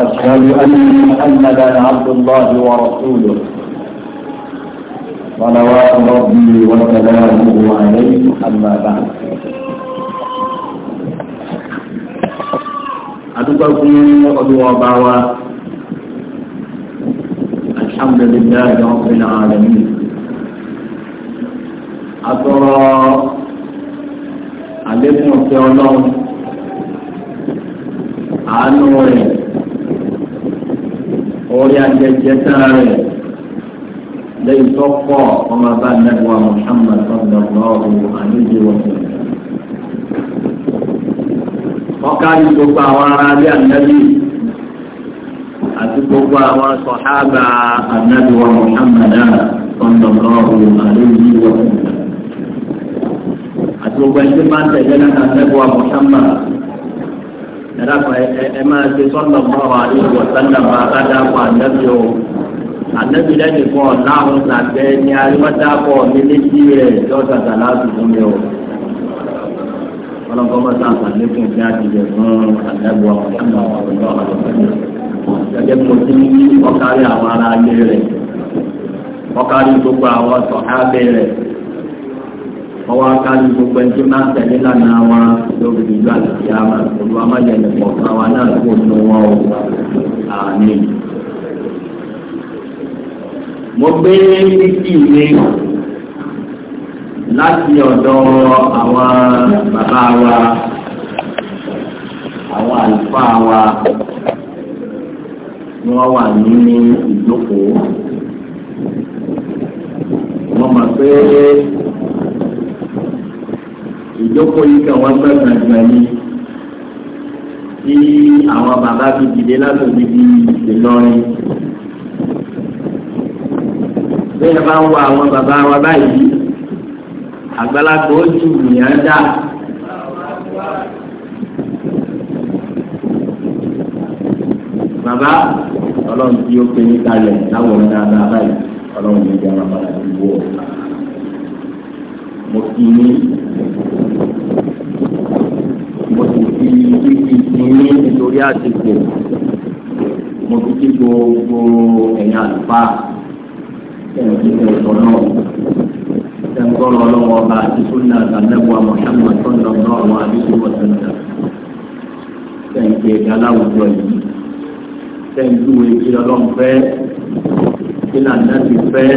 وأشهد أن محمدا عبد الله ورسوله صلوات ربي وسلامه عليه أما بعد أدوكم أدوى باوى الحمد لله رب العالمين أترى عليكم في الله عنه orí ajẹjẹ tán rẹ̀ lẹ́yìn tó pọ̀ ọmọ bá nàgbà Muhammad sallallahu alaihi wa sallam. ọkàlì gbogbo àwọn ará ilé ànábì àti gbogbo àwọn sọ̀hábà ànábì wa Muhammad sallallahu alaihi wa sallam. àti gbogbo ẹni tí máa ń tẹ̀lé náà ànábì wa Muhammad. ẹ̀rọ ẹ máa ṣe sọ́dọ̀ mọ́ra àdéhùn ọ̀sánlẹ̀ máa bá dáàbò ànábì o ànábì lẹ́nu kan láwọn làgbẹ́ ní arímọ́dáàbò mi létí rẹ̀ lọ́sà sàlátù fún mi o. ọlọ́kọ́ bá sàn àlékún ní àdìyẹ fún ànábì ọ̀sánlẹ̀ ọ̀sánlẹ̀ ọ̀sánlẹ̀ gẹ́gẹ́ bí mo ti ní ọ̀kárí àwọn ará ilé rẹ̀ ọ̀kárí gbogbo àwọn sọ̀hábẹ́ rẹ̀ ọwọ́ akáàlù gbogbo ẹni tó náà tẹ̀lé lánàá wa lórí ìlú àtìyá olúwa má yẹ lẹ́pọ̀ káwa náà kó nu wọn o àmì. mo gbé títì mi láti ọ̀dọ̀ àwọn bàbá wa àwọn àlùfáà wa ni wọ́n wà ní ìjókòó wọ́n mọ̀ pé ìjókòó yìí kan wọ́n pẹ́ gbàgbà yìí tí àwọn bàbá fi dìde látòbí di Ìlọrin. bẹ́ẹ̀ bá ń wọ àwọn bàbá wa báyìí àgbàlagbà ó ju ìyàn dá. bàbá ọlọ́run tí ó pe ní kalẹ̀ láwọn dáadáa báyìí ọlọ́run ní ìjà bàbá àti ìwọ. mo kì í ní ti ti ti ní nítorí àsìkò mo ti ti gbogbo ẹ̀yìn àlùfà ẹ̀yìn ti tẹ̀ ẹ̀kọ́ náà ẹ̀ńgọ́rọ̀ ọlọ́wọ́ ọba àti súnà àgbàlẹ́wọ̀ àmọ̀ṣẹ́mọ̀ tó ń lọ bọ́ àwọn àdúgbò wọ̀tẹ́ńtà ẹ̀yìn ti ẹ̀dá láwùjọ yìí ẹ̀yìn tí wọ́n ti lọ́lọ́m fẹ́ kí làǹdà ti fẹ́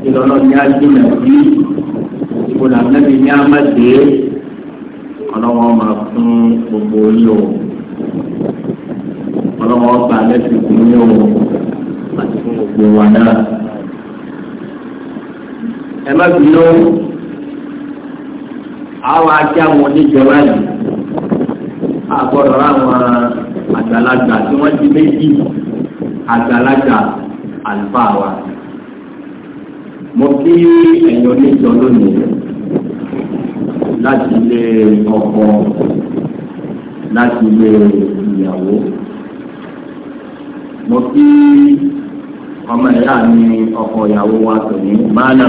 kí lọ́lọ́m ní ájínà sí ìbò làǹdà ti ní àmàdé ọlọ́wọ́n máa fún gbogbo yìí o ọlọ́wọ́n gba lẹ́sìn fún yìí o àti fún gbogbo wa náà. ẹ má bínú àwọn ajá wọn níjọba yìí àgbọ̀dọ̀ láwọn àgbàlagbà tí wọ́n ti méjì àgbàlagbà àlùfáà wa. mo kí ẹ̀yọ́ níjọ lónìí láti ilé ọkọ láti ilé ìyàwó. mo kí ọmọ ìyá mi ọkọ ìyàwó wa tòní mánà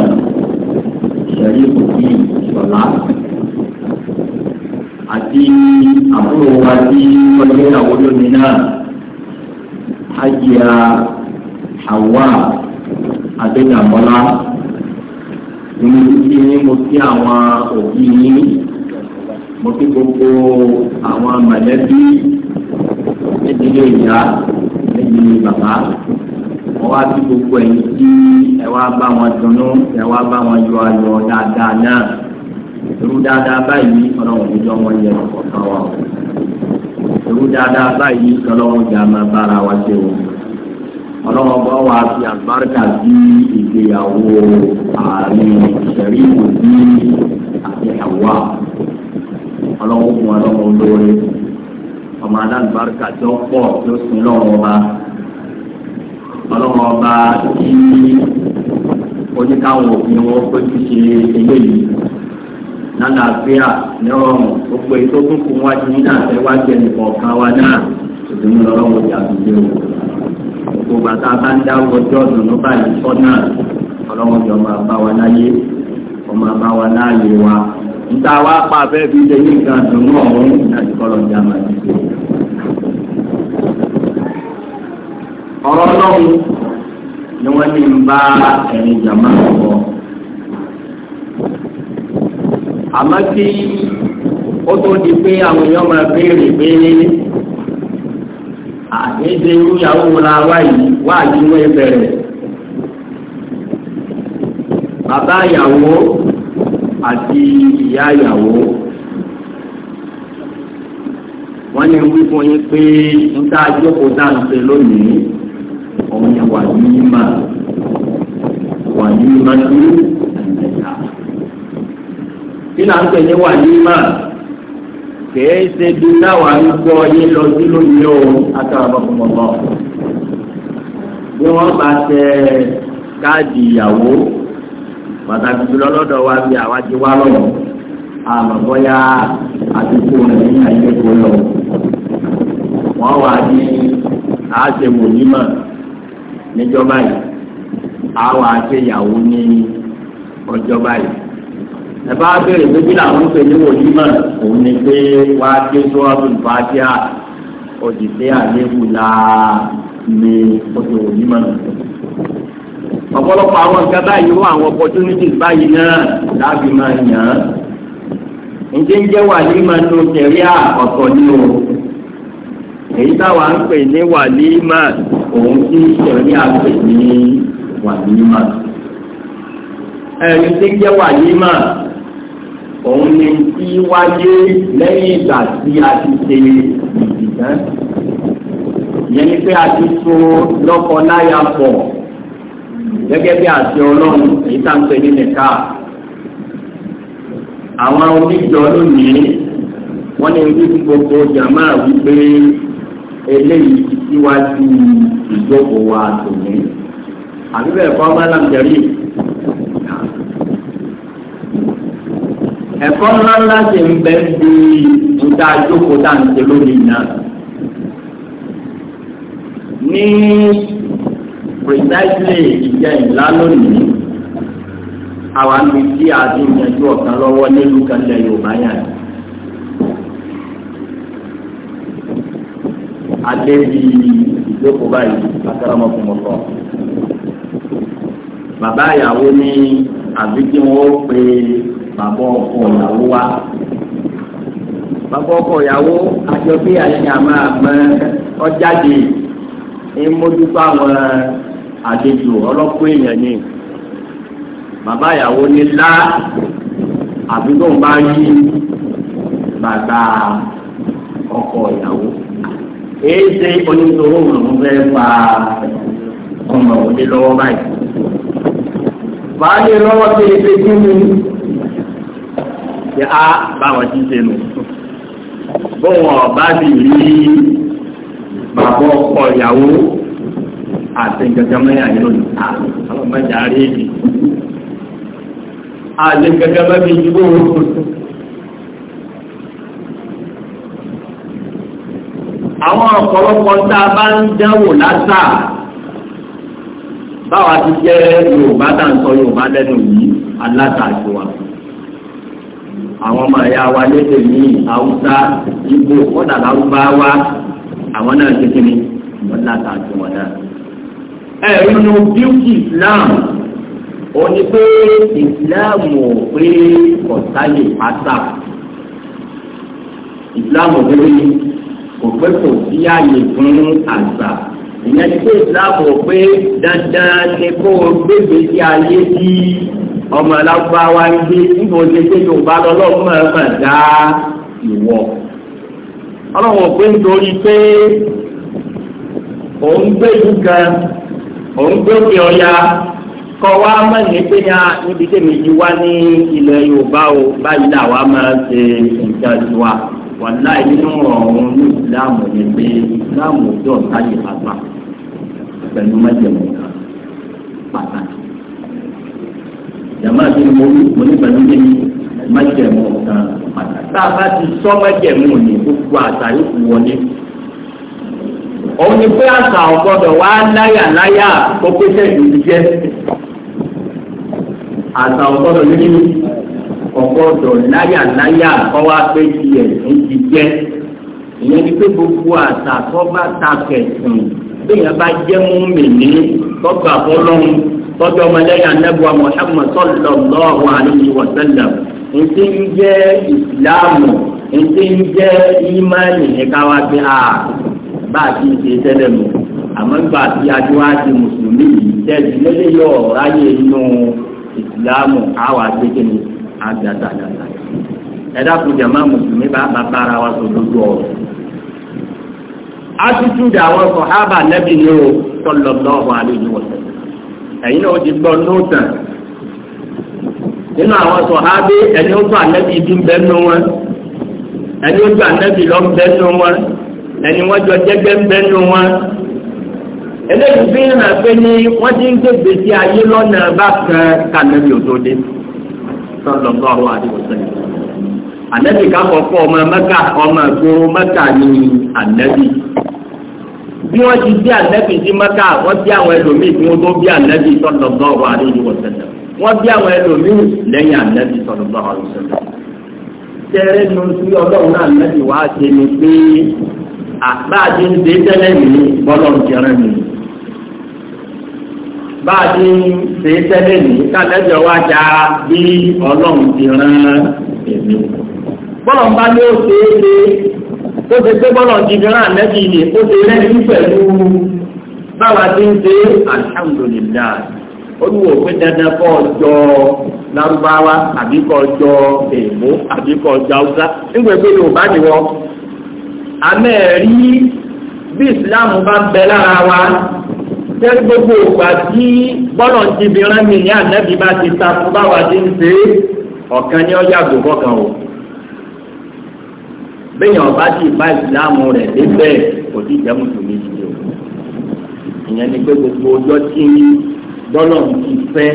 ìṣẹ̀lẹ̀ ìbùkún ìṣọ̀lá àti àbúrò wa tí wọ́n gbé ìyàwó lónìí náà ájìá àwa àdéjàmọ́lá nínú títí ní mo kí àwọn òbí yín mo kí gbogbo àwọn mọ̀lẹ́bí nídìílé ìyá nídìílé bàbá wọ́n wá sí gbogbo ẹ̀yìn tí ẹ wá bá wọn dunnú ẹ wá bá wọn yọ ayọ̀ dáadáa náà irú dáadáa báyìí ọlọ́run níjọ́ wọn yẹ ọ̀kan wa irú dáadáa báyìí ọlọ́run jà máa bára wa ṣe o ọlọ́run bá wà fi àlùbáríkà sí ìgbéyàwó ààrin ìṣẹ̀rí òbí àti àwa ọlọ́wọ́ fún ọlọ́wọ́ olóore ọmọ alágbàrúkà tó pọ̀ tó sin lọ́wọ́ ọba ọlọ́wọ́ ọba tí oníkàwọn òbí wọn pé kí ṣe eléyìí lálàáfíà nírọ̀rùn ó pé tó tún kún wájú nínú àtẹ̀wájú ẹnì kọ̀ọ̀kan wa náà ìdùnnú lọ́wọ́ ìyàgbé o gbogbo bàtà bá ń dáwọ́ ọjọ́ ọ̀dùnnú báyìí sọ́nà ọlọ́wọ́n jọ máa bá wa láyé ọmọ bá wa láàyè wa níta wá pa abẹ́ fi lè ní nǹkan dùnú ọ̀hún láti kọ́lọ̀ ní àmàlẹ́. ọ̀rọ̀ ọlọ́run ni wọ́n ní ń bá ẹ̀rín jàmá ọ̀pọ̀. àmọ́ kí ó tó di pé àwọn èèyàn máa béèrè pé àkéde irúyàwó wo la wá yìí wá àdínwó ìbẹ̀rẹ̀ bàbá ìyàwó àti ìyá ìyàwó wọ́n ní wí fún yín pé ń tá a jókòó tá lónìí òun ni wà ní wà ní kèé ṣe bí táwa ń gbọ́ yé lọ sí lónìí o àtàwọn ọmọkùnrin náà bí wọ́n bá tẹ káàdì ìyàwó pàtàkì jùlọ lọ́dọ̀ wa bí àwa ti wá lọ́wọ́ àmọ̀bọ́yá àdúgbò rẹ̀ ní àyẹ̀kọ́ lọ. wọ́n wà ní àṣewò nímọ̀ níjọba yìí àwa àṣeyàwó ní ọjọ́ báyìí ẹ bá béèrè pé kí làwọn ń pè ní wòlímọ̀ òun ni pé wá ké tó ọdún fàájà òjìṣẹ́ àléébù la ní oṣù wòlímọ̀ ọ̀pọ̀lọpọ̀ àwọn nǹkan báyìí wọ́n àwọn opportunities báyìí náà láàbì máa yàn án ǹjẹ́ ń jẹ́ wàlímà tó tẹ̀ríà ọ̀tọ̀ ni o èyí táwa ń pè ní wàlímà òun tí tẹ̀ríà pè ní wàlímà ẹ̀rí tí ń jẹ́ wàlímà òun ni tí wáyé lẹ́yìn ìgbà tí a ti ṣe ìdìtán. ìyẹn pé a ti so lọ́kọ-láya pọ̀ gẹ́gẹ́ bí àti ọlọ́run èyí tá pè ní nìka. àwọn oníjọ lónìí wọ́n ní ojú tí gbogbo jàmá wípé eléyìí ti síwájú ìjókòó wa tòun. àbí bẹ́ẹ̀ ẹ̀kọ́ ńlá ńlá ti ń bẹ bí nta jókòó tá à ń ṣe lónìí náà. ní precisely ìjẹ ìlà lónìí àwa ń fi tí a ti yanjú ọ̀kan lọ́wọ́ nílùú kan lẹ Yorùbá yàn. alẹ́ bí ìjókòó báyìí akáràmọ́kùnmọ́ kọ́. bàbá ìyàwó ní àbí kí wọ́n pe bàbá ọkọ ìyàwó wa bàbá ọkọ ìyàwó àjọ bí àyẹ̀yẹ̀ àmọ́ àmọ́ ọjáde ń mójútó àwọn àlejò ọlọ́pọ̀ èèyàn ni bàbá ìyàwó ní lá àbí tó ń bá yí bàbá ọkọ ìyàwó èyí ṣe oníṣòro òun fẹ́ fa ọmọ òde báyìí. Bàálé lọ́wọ́ tó ṣe kí ni pé á ah, báwọn ti ṣe nù bóun ọba sì rí bàbá ọkọ ìyàwó àti nǹkankan mẹ́rin àyẹ̀wò ní ah, àwọn mẹ́jọ àárẹ̀ èdè àti ọ̀pọ̀lọpọ̀ tá a bá ń dánwò lásà báwa ti jẹ́ Yorùbá tá à ń sọ Yorùbá yìí alátàjọ wa àwọn ọmọ ẹ̀yà wa lédè ní haúsá igbó kọ́dà láwùbá wa àwọn náà kékeré wọn láta àti wọn náà. ẹ nínú bíúkì islam ó ní pé islam ò pé kọ̀sáyè pátá islam ò pé kò pé kò sí àyè fún àṣà ìyẹn ní pé islam ò pé dandan ni kó o sí ayé bíi ọmọ alágbáwá ń gbé nígbà oṣù tí yóò bá lọ lọ́wọ́ mọ̀ ẹ́ mọ̀ dá ìwọ. ọlọ́run ò pé nítorí pé òun gbé ìlú kan òun gbé òkè ọ̀ya kọ́ wa mọ̀ ní pé ní níbi tèmi yìí wá ní ilẹ̀ yorùbá o báyìí làwa máa ṣe nǹkan tiwa wàlá inú ọ̀run ní ìsìláàmù ni pé ìsìláàmù ọjọ́ ọ̀tá yìí pẹ̀lú mẹ́jẹ̀mú kan pàtàkì jàmbá mi mo ní mo ní ìbànújẹ́ mi májẹ̀mú kan pàtàkì tá a bá ti sọ májẹ̀mú ni gbogbo àṣà yóò fi wọlé òun ni pé àṣà ọ̀gbọ́dọ̀ wá láyà láyà kó pé sẹ́yìn ti jẹ́ àṣà ọ̀gbọ́dọ̀ nínú ọ̀gbọ́dọ̀ láyà láyà kọ́ wá pé tiẹ̀ ń ti jẹ́ ìyẹn ni pé gbogbo àṣà tó bá ta kẹ̀sìn bí èèyàn bá jẹ́ mú mi ní tọ́gbà fọlọ́run tọ́jú ọmọlẹ́yìn anábùwà Muhammad sallallahu alaihi wa sallam ntí ń jẹ́ ìsìláàmù ntí ń jẹ́ ìmánì ní káwá bí a bá a ti ṣe tẹ́lẹ̀ mọ́ àmọ́ gbà tí adúlá ti mùsùlùmí yìí tẹ́lẹ̀ lélẹ́ yọ ráyè inú ìsìláàmù àwọn àgbékẹ́ni àgbàdàgbà ẹ̀dá kù jàmá mùsùlùmí bá bàbá ara wa sọ̀rọ̀ lójú ọ̀rọ̀ attitude àwọn sọ̀hábà ẹ̀yin náà ó ti gbọ́ nóòtàn nínú àwọn sọ̀hábé ẹni ó tó ànẹ́bí ibi ń bẹ́nu wọn ẹni ó tó ànẹ́bí lọ ń bẹ́nu wọn ẹni wọ́n jọ jẹ́gbẹ́ ń bẹ́nu wọn eléyìí fi hàn pé ní wọ́n ti ń gbègbè sí ayé lọ́nà bá kan kànẹ́bí òdòdó sọ́dọ̀ tó àwọn àdìgbò sẹ́yìn ànẹ́bí kakọ̀kọ́ ọmọ mẹ́kà ọmọ ìgboro mẹ́kà ní ànẹ́bí bí wọ́n ti bí ànábì sí mẹ́kà wọ́n bí àwọn ẹlòmíì tí wọ́n tó bí ànábì sallallahu alaihi wasallam wọ́n bí àwọn ẹlòmíì lẹ́yìn ànábì sallallahu alaihi wasallam. tẹ́rẹ́ nu sí ọlọ́run náà ànábì wá ṣe ni pé àbáàdé ń ṣe tẹ́lẹ̀ mi bọ́lọ̀ ń jẹrẹ mi. báàdé ń ṣe tẹ́lẹ̀ mi kálẹ́jọ wá já bí ọlọ́run ti rán èmi. bọ́lọ̀ ń bá ní ó ṣe é ó ti gbé bọ́lọ̀ jíjẹ náà lẹ́bi ilé ó ti rẹ́ni pẹ̀lú báwa ti ń ṣe alhamdulillah olùwò pé dandan kọ́ ọjọ́ lárúbáwá àbí kọ́ ọjọ́ èèmó àbí kọ́ ọjọ́ haúsá nígbà pé yorùbá ni wọ́n amẹ́ẹ̀rí bí islam bá ń bẹ lára wa tẹ́lẹ̀ gbogbo ògbà tí bọ́lọ̀ jíjẹ rẹ́mi ní ànẹ́bí bá ti ta fún báwa ti ń ṣe ọ̀kan ní ọjà gbogbo kan o bẹ́ẹ̀ ọba tí ìfá ìsìlámù rẹ̀ débẹ̀ kò tí ì jẹ́ mùsùlùmí sí o ìyẹn ni pé gbogbo ọjọ́ tí dọ́lọ̀ ti fẹ́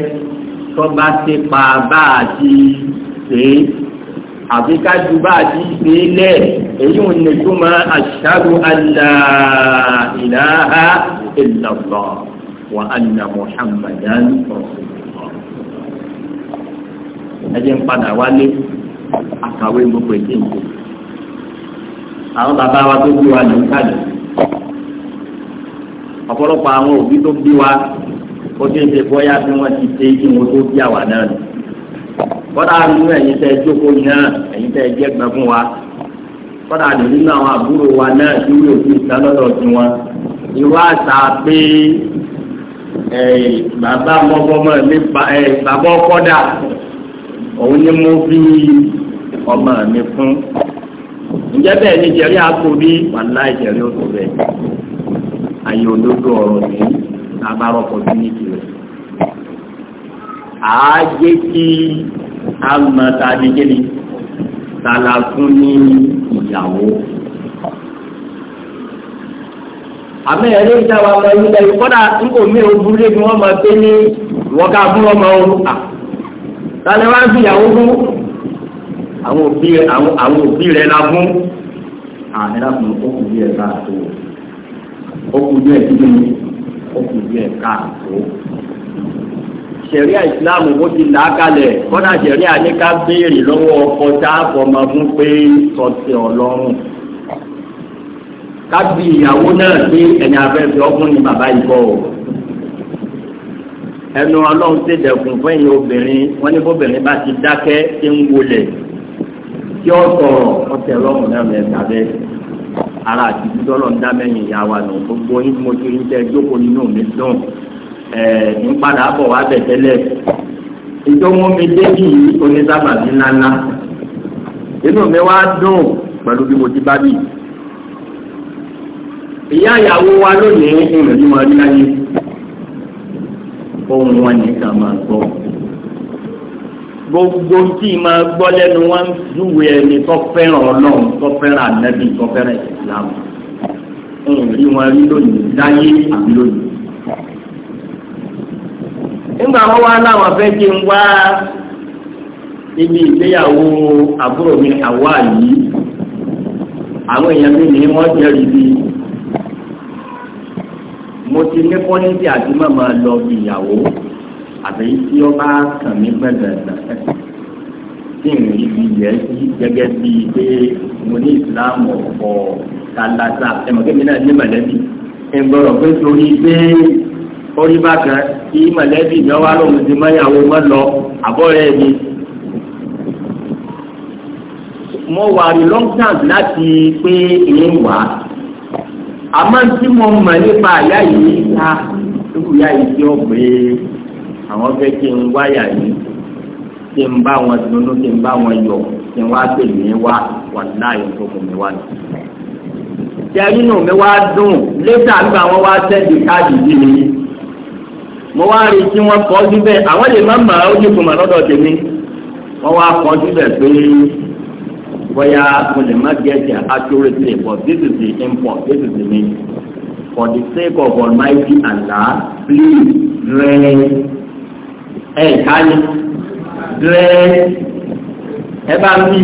tọ́ba ti pa bá a ti ṣe é àfi ká ju bá a ti ṣe é lẹ̀ èyí ò ní túmọ̀ ashhadu an la ilaha illallah wa anna muhammadan rasulullah. ẹ jẹ́ ń padà wálé àkàwé gbogbo èdè àwọn bàbá wa tó bí wa ní kàlẹ́ ọ̀pọ̀lọpọ̀ àwọn òbí tó bí wa ó ti ń ṣe bọ́yá bí wọ́n ti ṣe kí wọ́n tó bí àwa náà nù kọ́dà nínú ẹ̀yin tẹ́ jókòó náà ẹ̀yin tẹ́ jẹ́ gbẹ fún wa kọ́dà nínú àwọn àbúrò wa náà tí wọ́n ti sá lọ́dọ̀ sí wọn irú àṣà pé bàbá mọ́gbọ́mọ́ mi bàbá ọkọ́dà òun ni mo fi ọmọ mi fún ǹjẹ́ bẹ́ẹ̀ ni jẹ̀rí àtòbí wàlá ìjẹ̀rí òtò bẹ́ẹ̀ ayé olódò ọ̀rọ̀ ní abárọ̀ opportunity rẹ̀ àájé kí a mọ tàbí kéde tàlà fún ní ìyàwó. àmì ẹ̀rí ìjáwá ọmọ ilẹ̀ ìkọ́dà ń kò mí o burú débi wọ́n máa gbé ní ìwọ́ká fún ọmọ òun. tàlẹ́ wá ń fi ìyàwó fún àwọn òbí rẹ àwọn òbí rẹ la fún àmì láti mọ okùn bí ẹ̀ka àtò okùn bí ẹ̀ka àtò okùn bí ẹ̀ka àtò. sẹ̀ríà ìsìláàmù ó ti là á kalẹ̀ kọ́nà sẹ̀ríà ní ká béèrè lọ́wọ́ ọkọ tá a fọmọ fún pé sọ̀tẹ̀ ọlọ́run kábí ìyàwó náà pé ẹ̀yìn abẹ́fẹ́ ọkùnrin ni bàbá yìí bọ̀ ọ́ ẹnu ọlọ́run ṣèdẹ̀kùn fún ẹ̀yìn obìnrin wọ́n ní bóbìnrin bá ti dákẹ́ ṣe ń wọlé tí ó sọ̀rọ̀ ọ̀tẹ̀ lọ́rùn náà mẹ́ta bẹ́ẹ̀ ara àti títọ́ lọ́n dá mẹ́yìn ìyá wa nù gbogbo yín mo ti ń tẹ́ jókòó nínú mi dùn ẹ̀ẹ́ ń padà bọ̀ wá bẹ̀ tẹ́lẹ̀ ìjọmọ́ mi débì onísàbàbí ńláńlá inú mi wá dùn pẹ̀lú bí mo ti bá bì ìyá ìyàwó wa lónìí ìrìn ní mo ohun wọn nìkan máa gbọ́. gbogbo tí ma gbọ́ lẹ́nu wọn júwe ẹni tó fẹ́ràn ọlọ́run tó fẹ́ràn ànábì tó islam rí wọn rí lónìí dáyé àbí lónìí. nígbà wọn wá láwọn fẹ́ kí n wá ibi ìgbéyàwó àbúrò mi àwa yìí àwọn èèyàn mi bí mo ti ní àti màmá àbí tí ó bá kàn mí gbẹ̀gbẹ̀gbẹ̀ tí ìrìn ibi yẹ sí gẹ́gẹ́ bíi pé mo ní ìsìláàmù ọ̀pọ̀ kálásà ẹ̀mọ̀kẹ́mi náà ní mọ̀lẹ́bí ìgbọ̀rọ̀ pé torí pé orí bàtà kí mọ̀lẹ́bí mi wá lóun ti mọ́yàwó mọ́ lọ àbọ̀rẹ́ mi. mo wà ní long term láti pé ìyẹn wà àmọ́ tí mo mọ̀ nípa àyà yìí ta irú ìyá yìí tí ó gbé e àwọn fẹ́ kí n wáyà yìí kí n bá wọn dunnú kí n bá wọn yọ kí n wá pè mí wá wà láàyè tó kù mí wá ní. jẹ́rìnù mi wá dùn lẹ́tà nígbà wọn wá sẹ́ẹ̀dì káàdì yìí ni mo wá rí tí wọ́n kọ́ síbẹ̀ àwọn lè má mà ó ní kùmà lọ́dọ̀ tèmi wọ́n wá kọ́ síbẹ̀ pé bóyá mo lè má gẹ̀ẹ́sì accurately but this is the import this is the need for the sake of Almighty Allah please rain ẹ̀ẹ́dání dírẹ́ ẹ bá ń bí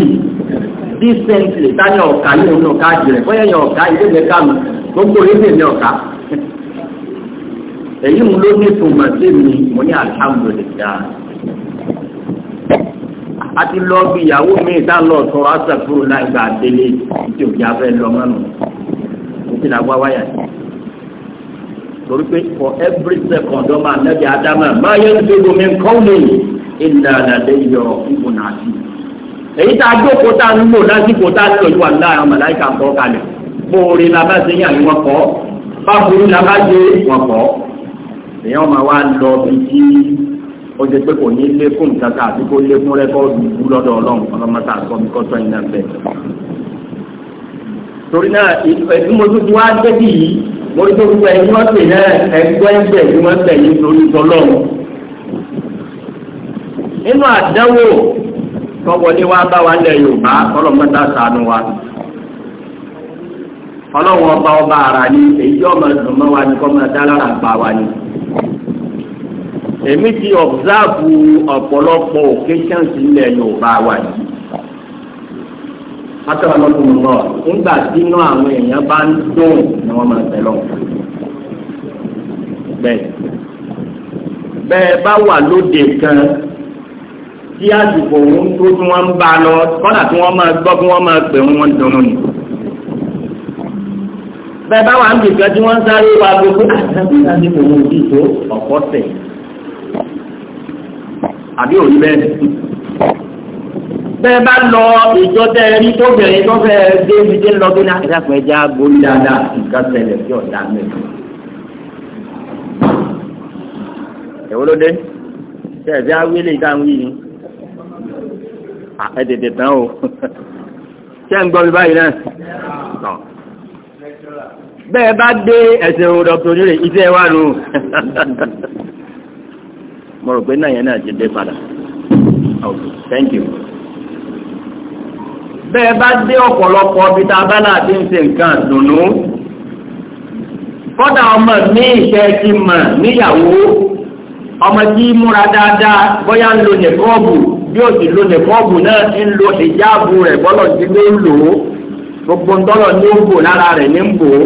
dísẹ́ǹtì táyà ọ̀ka yóò ní ọ̀ka jìrẹ̀ bóyá yẹn ọ̀ka ilé mẹ́ta mi gbogbo ilé mi ọ̀ka èyí mo ló ní tòmọ̀ sí mi mo ní alhamdulilayi a ti lọ bí ìyàwó mi ìta lọ sọ̀rọ̀ àṣà fúru láì gbà délé tí òjá fẹ́ lọ mọ́nu ní ti wáyà yìí torí pé for every second ọmọ anabi adama máa yẹ kí gbogbo mi kọ́ mi ìlà àlàlẹ́ yọrọ fífún náà sí. èyí tá a jókòó tá a ń lò lásìkò tá a lò wà láàrin ọmọ láìka kọ́ kalẹ̀ bóore la bá ṣe yàn wọn kọ́ báburú la bá ṣe wọn kọ́ èèyàn máa wá lọ bí tí ó ṣe pé kò ní lékún nǹkan kan àti kó lékún rẹ́kọ́ọ̀dù kú lọ́dọ̀ ọlọ́run ọlọ́mọta àkọ́mi kọ́tọ́ iná bẹ́ẹ̀. torí náà ìmọ̀tútù wa débì yìí mo ní gbogbo ẹni tí wọ́n pè náà ẹgbẹ́ ẹgbẹ́ tí wọ́n pè yìí lórí tọ́lọ́run. nínú àdánwò tọ́wọlé wa bá wa lẹ̀ Yorùbá ọlọ́mọdá sànù wa ọlọ́wọ́n ọba ọba ara ni èyí ọmọ ìdùnnú wa ni kọ́mọ dálára gbà wa ni. èmi ti ọ̀bùsáàbù ọ̀pọ̀lọpọ̀ occasions ilẹ̀ Yorùbá wa yìí akọrọ lọkùnrin mọ nígbà tí inú àwọn èèyàn bá ń dùn ni wọn máa tẹ lọ. bẹ́ẹ̀ bẹ́ẹ̀ bá wà lóde kan tí àsìkò òun tó tí wọn ń bá lọ kọ́nà tí wọ́n máa gbọ́ kí wọ́n máa pè wọ́n dùnú ni. bẹ́ẹ̀ bá wà ń bìkan tí wọ́n sáré wa gbogbo àtàkùn láti kò wọ́n bí tó ọ̀pọ̀ tẹ̀ àbí òun bẹ́ẹ̀ bẹ́ẹ̀ bá lọ ìjọ tẹ rí tó bẹ̀rẹ̀ tó fẹ́ dé ibi tí ń lọ bí náà ìdàpọ̀ ẹja agbórí dáadáa nǹkan tẹ̀lẹ̀ sí ọ̀dà mẹ́rin. èwo ló dé ṣe ẹ̀fẹ́ awílé ìdáhùn yìí ẹ tètè tán o ṣé ń gbọ́ mi báyìí náà bẹ́ẹ̀ bá dé ẹ̀sìn òun dr onírè iṣẹ́ wa nù mo rò pé náà yẹn náà ti dé padà. Okay, thank you bẹ́ẹ̀ bá dé ọ̀pọ̀lọpọ̀ bí ta bá náà ti ń ṣe nǹkan dùnú kọ́dà ọmọ mi ìṣe ti mọ̀ níyàwó ọmọ tí múra dáadáa bóyá ń lo nìkọ́ọ̀bù bí ó sì lo nìkọ́ọ̀bù náà ń lo ìjáàbù rẹ̀ bọ́lọ̀ ti gbé ń lò ó gbogbo ń tọ́lọ̀ ní ń lára rẹ̀ ní ń bò ó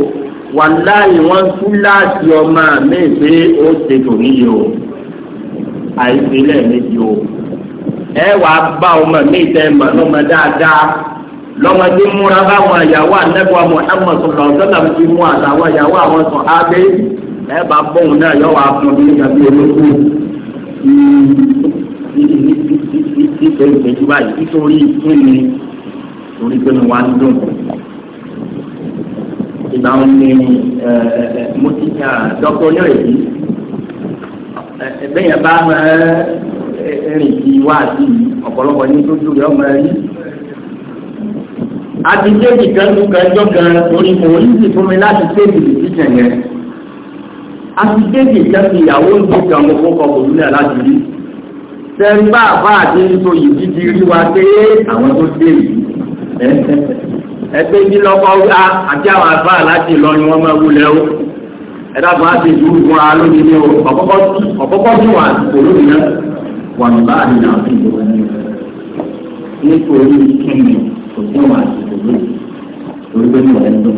wàláyé wọn kú láti ọmọ mi pé ó ṣe tò níyì o àìsílẹ̀ méjì o ẹ wàá bá ọmọ mi tẹ mọ̀ lọ́mọ dáadáa lọ́mọdé múra báwọn àyàwó àtẹ́kọ̀ọ́ Muhammad sọ̀rọ̀ sọ́nà fi mú àtàwọn àyàwó àwọn sọ̀ ábé ẹ̀ bá bóun náà yọ̀ wá fún mi gàbí olóko ìfẹ́ ìfẹ́jú báyìí nítorí ìfún mi torí pé mo wá ń dùn. ìgbà wọn ni mo ti dọ́kọ̀ yọ̀ èyí ẹgbẹ́ yẹn bá rìn kí wá sí ọ̀pọ̀lọpọ̀ ní tó dùn yọ̀ mọ́ ẹ yìí àti déètì kan tó kan ẹjọ́ kan torí kò ní sì fún mi láti déètì lè fi jẹ̀ yẹn àti déètì kan fi ìyàwó ń gbé kan mo fọ́kọ̀ kò nílẹ̀ láti rí tẹ́gbà àbá àti nítorí yìí ti rí wa pé àwọn tó dé yìí ẹgbẹ́ yìí lọ́kọ́ wá àti àwọn àbá láti lọ ni wọ́n máa wulẹ̀ o ẹ̀dàgbọ́n á ti dúró fún wa lónìí ní o ọ̀kọ́kọ́ tí wà àsìkò lónìí náà wà ní báyìí náà fi ìlú nítorí kíni kò sí ìwà àtìkò lóyè torí pé mi ò lẹ́nu dùn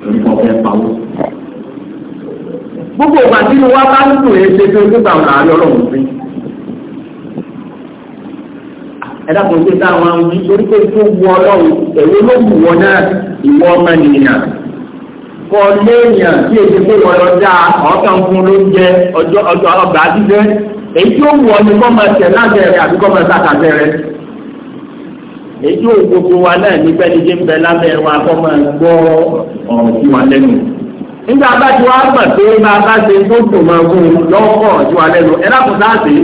torí pé ọ̀fẹ́ pawó. gbogbo ìgbà tí mo wá bá ń dùn èyí ṣe pé ó gbà wọn àárín ọlọ́run sí. ẹ dákun ṣe táwọn àwọn yìí torí pé tó wọ ọlọ́run èwo ló wù wọn náà ìwọ ọmọ nìyàn kọ léèyàn tí èdè pé wọn lọ dáa fún lóúnjẹ ọjọ́ ọgbà àdídẹ èyí tí wù ọ ní kọ́ máa tẹ̀ àbí kọ́ máa tàkàtẹ̀ èyí ò gbogbo wa náà nígbà tí ń bẹ lábẹ́ wa kọ́ máa gbọ́ ọ̀rọ̀ fún wa lẹ́nu. nígbà bá ti wá mọ̀ pé bá a bá ṣe tó dùn máa gún un lọ́kọ̀ ju wa lẹ́nu ẹ lákòó sáàsì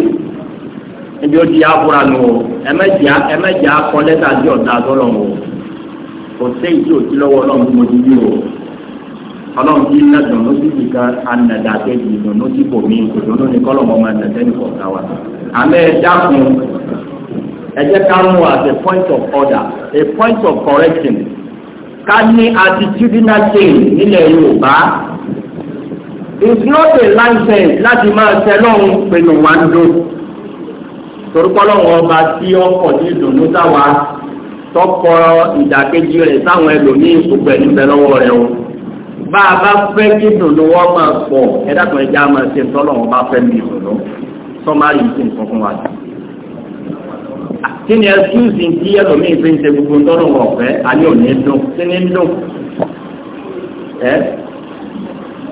níbi ó di àbúrà nù o ẹ̀mẹ́jì akọ lẹ́tà sí ọ̀dà àtọ́lọ̀ o kò séyìí tí ò sí lọ́wọ́ ọlọ́run tí mo ti bí o ọlọ́run tí ń lẹ́sùn ló sì fi kan anàdà kejì ìdùnnú tí kò mí ìdùnnú ní kọ́lọ́mọ́ máa tẹ̀sẹ́ nìkan ká wa. àmẹ́ dákun ẹ jẹ́ ká mú as a point of order a point of correction ká ní attitudinal change nílẹ̀ Yorùbá it's not a license láti máa ṣe lọ́hùn pinnu wá ń dó torúkọ lọ́wọ́ ọba tí ọkọ̀ ní ìdùnnú táwa tọkọ ìdàkejì rẹ̀ sáwọn ẹlòmíín gbogbo ẹni bẹ lọ́wọ́ rẹ̀ o bá a bá fẹ́ kí ìdùnnú wọn máa pọ̀ ẹ dákun ẹja máa ṣe tọ́lọ́wọ́n bá fẹ́ mi ìdùnnú sọ́mari yìí ti nǹkan fún wa jù kí ni ẹsùsì ń tí ẹlòmíì fi ń ṣe gbogbo tọ́lọ̀ ọ̀fẹ́ ayé òní dùn kí ni dùn ẹ́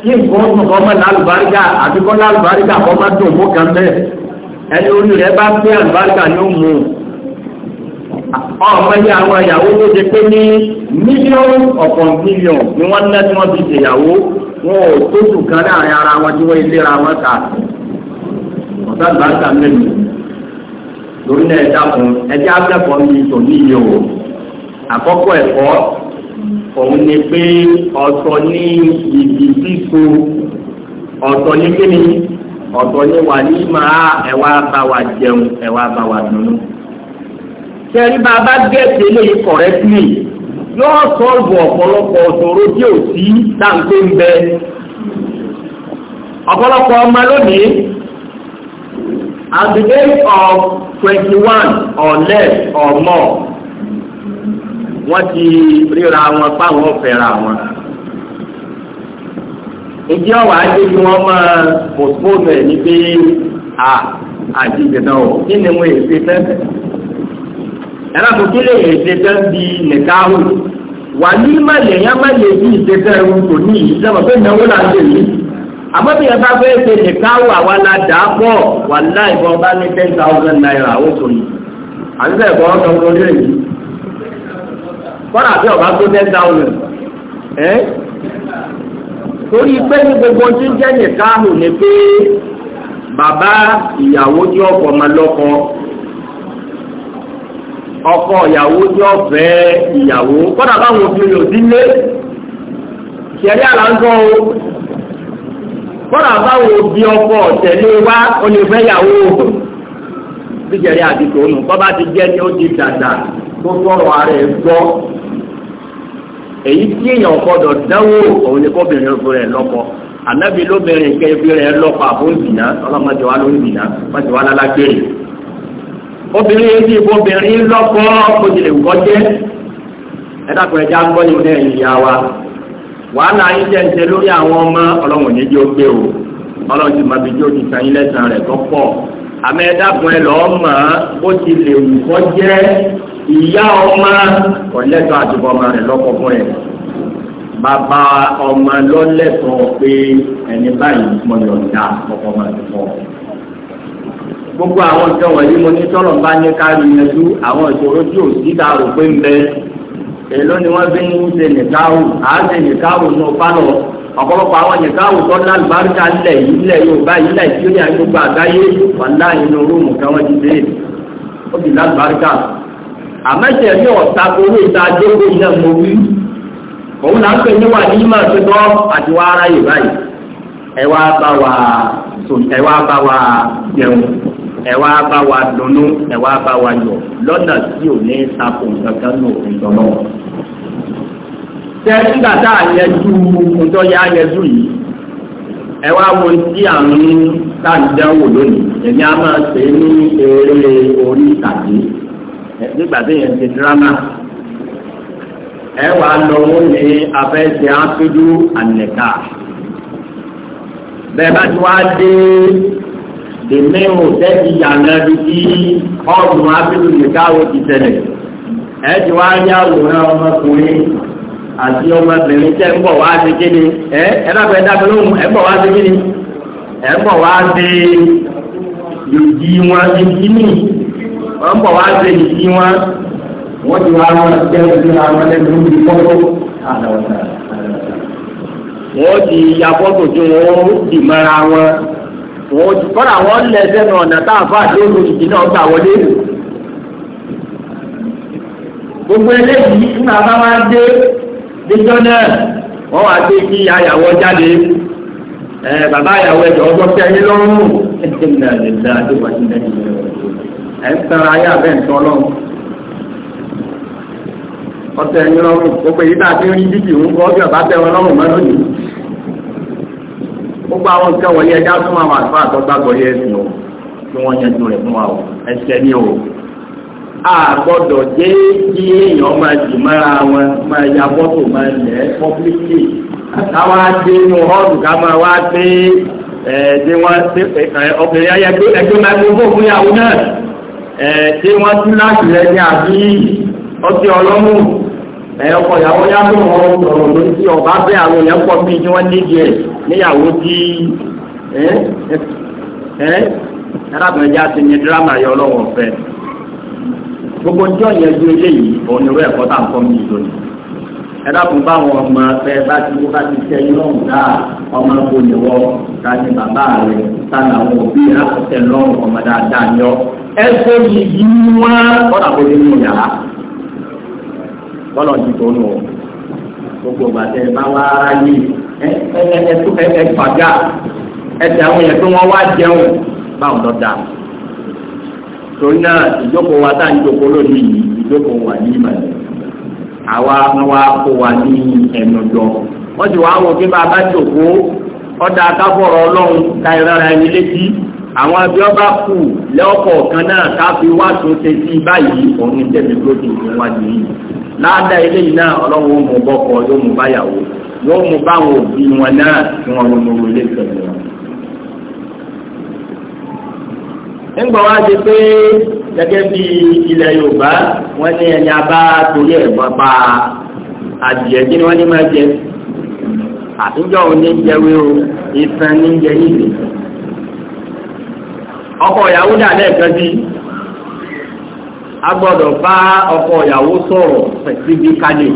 kí nǹkan ọ̀sùn kọ́ mọ́ lálùbáríkà àti kọ́ lálùbáríkà kọ́ má dùn mú kan bẹ́ẹ̀ ẹni orí rẹ̀ bá pé àlùbáríkà ni ó mú ọmọ ẹyẹ àwọn ìyàwó tó ṣe pé ní mílíọ̀nù ọ̀pọ̀n mílíọ̀nù ni wọ́n ná tí wọ́n fi ṣèyàwó wọn ò tó sùn kan láàrin ara wọn tí wọ́n ilé ra wọn ta ọ̀sán àlùbáríkà mẹ́rin torí náà ẹja fún ẹja akẹ́kọ̀ọ́ mi tò ní iye o àkọ́kọ́ ẹ̀kọ́ òun ni pé ọ̀tọ̀ ní ibi síso ọ̀tọ̀ ní kíni ọ̀tọ̀ ní wà ní máa ẹ̀wà bá wa jẹun ẹ̀wà bá wa dùnú. sẹ́rí bàbá gẹ̀ẹ́sì eléyìí kọ̀rẹ́tìlì yóò sọ́ọ̀bù ọ̀pọ̀lọpọ̀ ọ̀sọ̀rọ̀ tí ò sí dáńgbé ń bẹ ọ̀pọ̀lọpọ̀ ọmọ lónìí at the age of twenty one or less or more wọ́n ti ríra wọn fáwọn ọ̀fẹ́ra wọn. ìdí ọ̀wà ajé kí wọ́n máa postpone ẹ̀ ní pé à àti ìgbẹ̀dàn ò kí ni mo èsè tẹ́. ẹ̀rọ kò kí lè èsè tẹ́ bí nìkáhù wà ní mẹ́lẹ̀ yá bí ìsè ẹ̀rù kò ní ìjọba pé náwó là ń tẹ̀lé àmọ́ bí ẹ̀ka fẹ́ ṣe nìkan wà wá la dà á pọ̀ wà láì bọ́ bá ní ten thousand naira ó tó yìí àbíbẹ̀ ẹ̀kọ́ ọ̀dọ́ ọmọ orí èyí kọ́nà àbí ọ̀bá tó ten thousand ẹ́ torí pé ní gbogbo tí ń jẹ́ nìkan hù ni pé bàbá ìyàwó tí ọkọ ọmọ lọ́kọ ọkọ ìyàwó tí ọ̀fẹ́ ìyàwó kọ́nà báwọn obìnrin ò sí ṣẹ̀rí àlàńtọ́ o. kọ́ra báwo bí ọkọ ọ̀tẹ̀lé wa ó lè fẹ́ yàwó bíjẹ̀rẹ̀ àdìgbò nù kọ́ ti jẹ́ ní ó di dàda tó ara ẹ̀ gbọ́ èyí tí èèyàn dánwò òun ni kóbìnrin rẹ̀ ànábì lóbìnrin kẹ́ ibi rẹ̀ ọlọ́mọdé wa ló ń wọ́n ti wá lálágbèrè obìnrin ti obìnrin lọ́kọ kó tilẹ̀ wù kọ́ ẹ̀dá wa wàhálà yín jẹ́ ń ṣe lórí àwọn ọmọ ọlọ́run ní jẹ́ gbé o ọlọ́run ti máa fi jẹ́ òtún sanyín lẹ́sàn rẹ̀ tó pọ̀ àmọ́ ẹ dákun ẹ lọ́ọ́ mọ̀ ó ti lè wù kọ́ jẹ́ ìyá ọmọ ọ̀lẹ́tọ̀ àtúbọ̀ ọmọ rẹ̀ lọ́kọ̀ fún ẹ̀ bàbá ọmọ lọ́lẹ́tọ̀ pé ẹni báyìí mọ̀ yọ̀ǹda ọkọ̀ máa ti pọ̀ gbogbo àwọn nǹkan wọ̀nyí mo ní tọ́lọ̀ bá ní ká rí yanjú àwọn ìṣòro tí ò sí dárò pé ń bẹ́ẹ̀ èló ni wọ́n fi ń ṣe nìkáwù à ń ṣe nìkáwù nù pálọ̀ ọ̀pọ̀lọpọ̀ àwọn nìkáwù tó ní alùbáríkà ńlẹ̀ yìí ńlẹ̀ yorùbá yìí ńlẹ̀ tí ó ní àgbègbè àgbáyé wàlá inú rúùmù kan ti dé ó sì lálùbáríkà àmẹ́sẹ̀ ní owó ìta iná wí òun là ń pè níwà ní ìmọ̀ àti báyìí ẹ wá bá wa jẹun. ẹ wá bá wa dunnú ẹ wá bá wa yọ lọ́nà tí ò ní sako kankan ní òfin tọ́lọ́. tẹ nígbà tá a yẹjú ntọ́ ya yẹjú yìí ẹ wá wo tí à ń ká ń dánwò lónìí èmi á máa ṣe ní eré orí ìtàgé nígbà tí yẹn ti dírámà ẹ wàá ní abẹ́sẹ̀ ápẹ́jú ànẹ̀ká bẹ́ẹ̀ bá ti wá dé. èmi ò tẹ́tí yànnà bí kí ọ̀gbùn ábílù nìkáwó ti tẹ̀lẹ̀ ẹ ti wá ní àwòrán ọmọkùnrin àti ọmọbìnrin tẹ́ ń bọ̀ wá sí kíni ẹ ẹ lábẹ́ lóhùn bọ̀ wá sí kíni bọ̀ wá sí wọn ti bọ̀ wá sí wọn wọ́n ti wá àwọn kọ́kọ́ wọ́n ti mọ́ra wọn. wọn ojú kọ́ra wọn lẹ sẹ́nu ọ̀nà tá a fà lóru ìdí náà gbà wọlé rè gbogbo eléyìí nígbà bá wá dé níjọ́ náà wọ́n wá dé kí ayàwó jáde ẹ bàbá ayàwó ẹ̀jọ̀ ọjọ́ kí ẹyin lọ́rùn ẹ̀jẹ̀ nígbà lè dá àdéhùn àti lẹ́yìn ẹ̀ ń tẹ̀ra ayé abẹ́ ń tọ́ ọ̀tẹ̀ ẹ̀yin lọ́rùn gbogbo èyí tá a ti rí kọ́ bí ọ̀bá tẹ̀ wọn lọ́rùn mọ́ lónìí gbogbo àwọn nǹkan wọ̀nyí ẹja fún àwọn àlùfáà tó gbàgbọ́ yẹ ẹ̀sìn o kí wọ́n yanjú rẹ̀ fún wa o ẹsẹ̀ ni o. a gbọ́dọ̀ jẹ́ kí èèyàn máa jù mọ́ra wọn máa ya fọ́tò máa lẹ̀ ẹ́ pọ́blíkì káwá dé inú họ́ọ̀lù ká máa wá dé ẹ̀ẹ́dẹ́ wọn ọkùnrin ayẹgbẹ́ ẹgbẹ́ máa gbogbo fún ìyàwó náà ẹ̀ẹ́dẹ́ wọn tún láti rẹ̀ ní àbí ọtí ọlọ́mù ẹ̀yọ́kọ̀ ìyàwó yàtọ̀ wọn sọ̀rọ̀ lórí tí ọba bẹ́ àwọn èèyàn pọ̀ bíi tí wọ́n níbi ẹ̀ níyàwó tí ẹ́ ẹ́ arábìnrin ti ní dírámà yọ ọlọ́wọ́ fẹ́ gbogbo ní ọ̀yẹ́ ju eléyìí òun ni wọ́n ẹ̀kọ́ tá à ń kọ́ mi lónìí ẹ dákun báwọn ọmọ ẹ bá ti wọ́n bá ti tẹ lọ́rùn dáa ọmọ kò ní wọ́ ká ní bàbá rẹ ká ní àwọn òbí rẹ kò bọ́lọ̀ ti tó nù ọ́ gbogbo gbàtẹ bá wá ráyè ẹ ẹ ẹ tó ẹ ẹ fàgà ẹ tẹ àwọn yẹn tó wọn wá jẹun báwọn lọ dà torí náà ìjókòó wa tá à ń jókòó lónìí yìí ìjókòó wa ní ìmọ̀lẹ́ àwa wọn wá kó wa ní ẹnu jọ wọ́n ti wá wọ pé bá a bá jókòó ọ̀dà akábọ̀rọ̀ ọlọ́run ká ìrara ẹni létí àwọn abẹ́ ọba kù lẹ́ọ̀kọ̀ọ̀kan náà ká fi wá tó ṣe sí báyìí òun jẹ̀bi tó ti ìwádìí yìí. láàdá ilé náà ọlọ́run ó mú bọ́kọ yóò mú báyàwó yóò mú báwọn òbí wọn náà tí wọ́n ronú ilé pẹ̀lú wọn. ńgbà wá pé gẹ́gẹ́ bí ilẹ̀ Yorùbá wọ́n ní ẹni abá torí ẹ̀ bàbá adìẹ kí ni wọ́n ní ọkọ ìyàwó dà lẹ́ẹ̀kan sí i. a gbọ́dọ̀ bá ọkọ ìyàwó sọ̀rọ̀ síbi kalẹ̀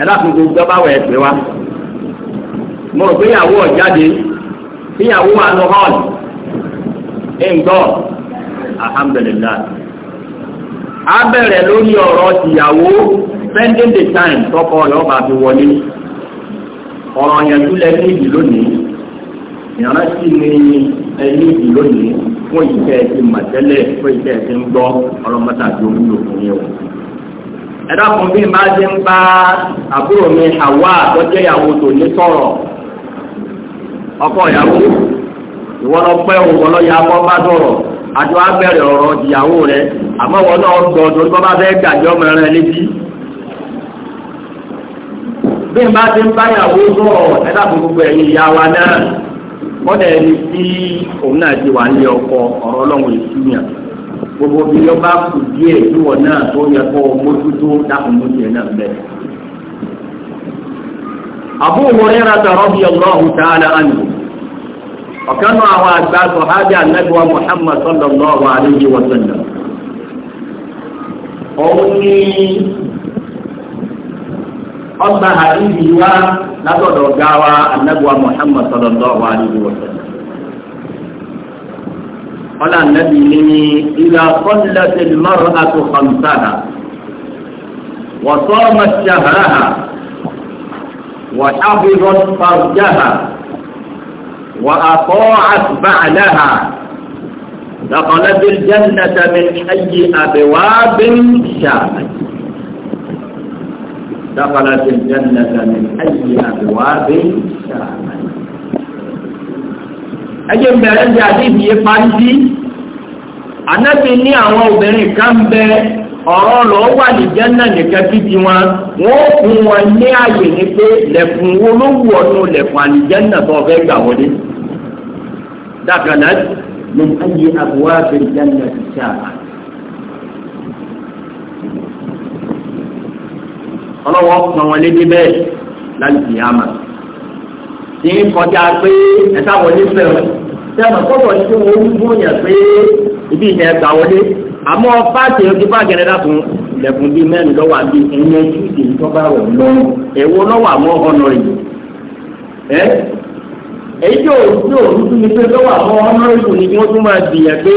ẹ̀dàkùn gbogbo ẹ̀pẹ́ wa mo pé ìyàwó ọ̀jáde ìyàwó wa lọ hall ńgbọ́ alhamdulilayi a bẹ̀rẹ̀ lórí ọ̀rọ̀ spending the time tọkọ ọ̀yọ́ bá fi wọlé ọ̀rọ̀ yẹn tún lẹ́nu lónìí. ìrántí ni ẹni ìlónìí fún ìfẹ́ ti màtẹ́lẹ̀ fún ìfẹ́ ti ń gbọ́ ọ̀rọ̀ mọ́tàdé olúlo fún yẹn o. bí n bá ti ń bá àbúrò mi Hawa àtọ́jẹ́ ìyàwó tò ní sọ̀rọ̀ ọkọ ìyàwó bá àti wàá ọrọ ìyàwó wọn náà ọmọ rẹ létí bí n bá ti ń bá ìyàwó ẹ gbogbo ẹ̀yìn ìyá wa náà kọ́dà ẹni tí òun náà ti wà nílé ọkọ ọ̀rọ̀ ọlọ́run ìsúnyà gbogbo bí yọ bá kù díẹ̀ ìwọ náà tó yẹ kó mójútó dákun mójú náà bẹ̀. Abu Hurairah radiyallahu ta'ala anhu ọ̀kan náà àwọn àgbà sọ̀hábì ànágbèwà Muhammad sallallahu alayhi wa sallam. òun ni ọgbà àdìbì wa látọ̀dọ̀ ọ̀gá wa anábùwà Muhammad sallallahu alaihi wa sallam. قال النبي إذا صلت المرأة خمسها وصامت شهرها وحفظت فرجها وأطاعت بعلها دخلت الجنة من أي أبواب شاءت دخلت الجنة من أي أبواب شاءت ẹjẹ́ bẹ̀rẹ̀ ń jẹ́ àdífi yé pàǹdí anábì ní àwọn obìnrin kan bẹ ọ̀rọ̀ lọ wà ní jẹ́nà nìkan títí wọn wọ́n fún wọn ní ààyè ní pé lẹ̀kùn wo ló wù ọ́ nù lẹ̀kùn àlìjẹ́nà tó fẹ́ gbà wọlé dàkàlà ní ayé àbúwá bẹ̀rẹ̀ jẹ́nà ti ṣáà ọlọ́wọ́ pọn wọn lédè bẹ́ẹ̀ láti fi hàn ní kọjá pé ẹ̀ta wọlé fẹ́ràn sẹ́wọ̀n kọ́kọ́ tí wọ́n ń bú yẹn pé ibi ìyẹn ẹ̀ta wọlé àmọ́ fáàtì ojú bá gẹ̀rẹ́ dàtún lẹ́kùn bíi mẹ́rin lọ́wọ́ àbí ẹ̀yìn ẹ̀jú ìdí tó bá wọ̀ lọ ẹ̀wọ lọ́wọ́ àmọ́ ọ̀nà ìlú ẹ̀ èyí tí òun tún ní pé lọ́wọ́ àmọ́ ọ̀nà ìlú ni wọ́n tún máa bìyàn pé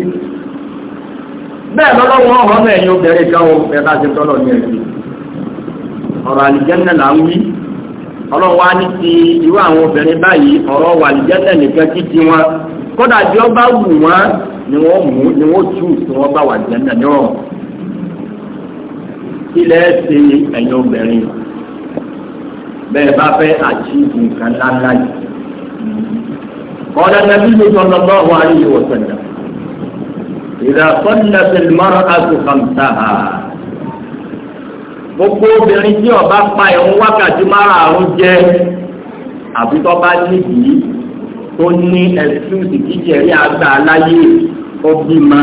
ń bẹ́ẹ̀ lọ́lọ́wọ́ ọ̀rọ̀ náà ẹ̀yìn obìnrin kan o bẹ́ẹ̀ bá ṣe tọ́lọ̀ ní ẹ̀sìn ọ̀rọ̀ àlìjẹ́nà là ń wí ọlọ́wọ́ á ní ti irú àwọn obìnrin báyìí ọ̀rọ̀ wà àlìjẹ́nà nìkan títí wọn kódà bí ọba wù wọn ni wọ́n mú ni wọ́n tù tí wọ́n bá wà àlìjẹ́nà náà ilẹ̀ ṣe ẹ̀yìn obìnrin bẹ́ẹ̀ bá fẹ́ àti nǹkan ńláńlá yìí. ọ̀dà ìdá sọ́nà fìlmọ́rọ́ àti kàmsáhà. gbogbo obìnrin tí ó bá pa ẹ̀hún wákàtí márààrún jẹ́ àbí tó bá nídìí tó ní ẹ̀sùsì kíkẹ́rì àgbà aláyé ó bímọ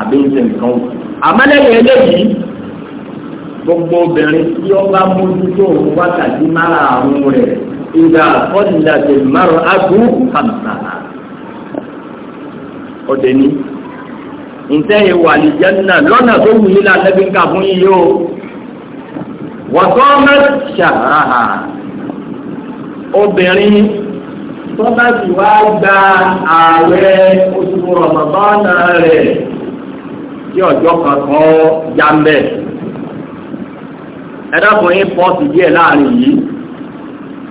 àbí ń nǹkan oṣù. eléyìí gbogbo obìnrin tí ó mójútó òun wákàtí márààrún rẹ̀ ìdá sọ́nà fìlmọ́rọ́ àti kàmsáhà. ọ̀dẹ̀ ni ntẹ́yẹ wà ní jẹ́nà lọ́nà tó wù yí lànàbí ń kà fún yíyó wọ́tọ́ mẹ́sàrà hà obìnrin tó bá sì wá gba ààrẹ oṣù rọ̀mọ̀bọ́nà rẹ̀ tí ọjọ́ kankan já ń bẹ̀ ẹ̀dàkùnrin pọ́ọ̀sì díẹ̀ láàrin yìí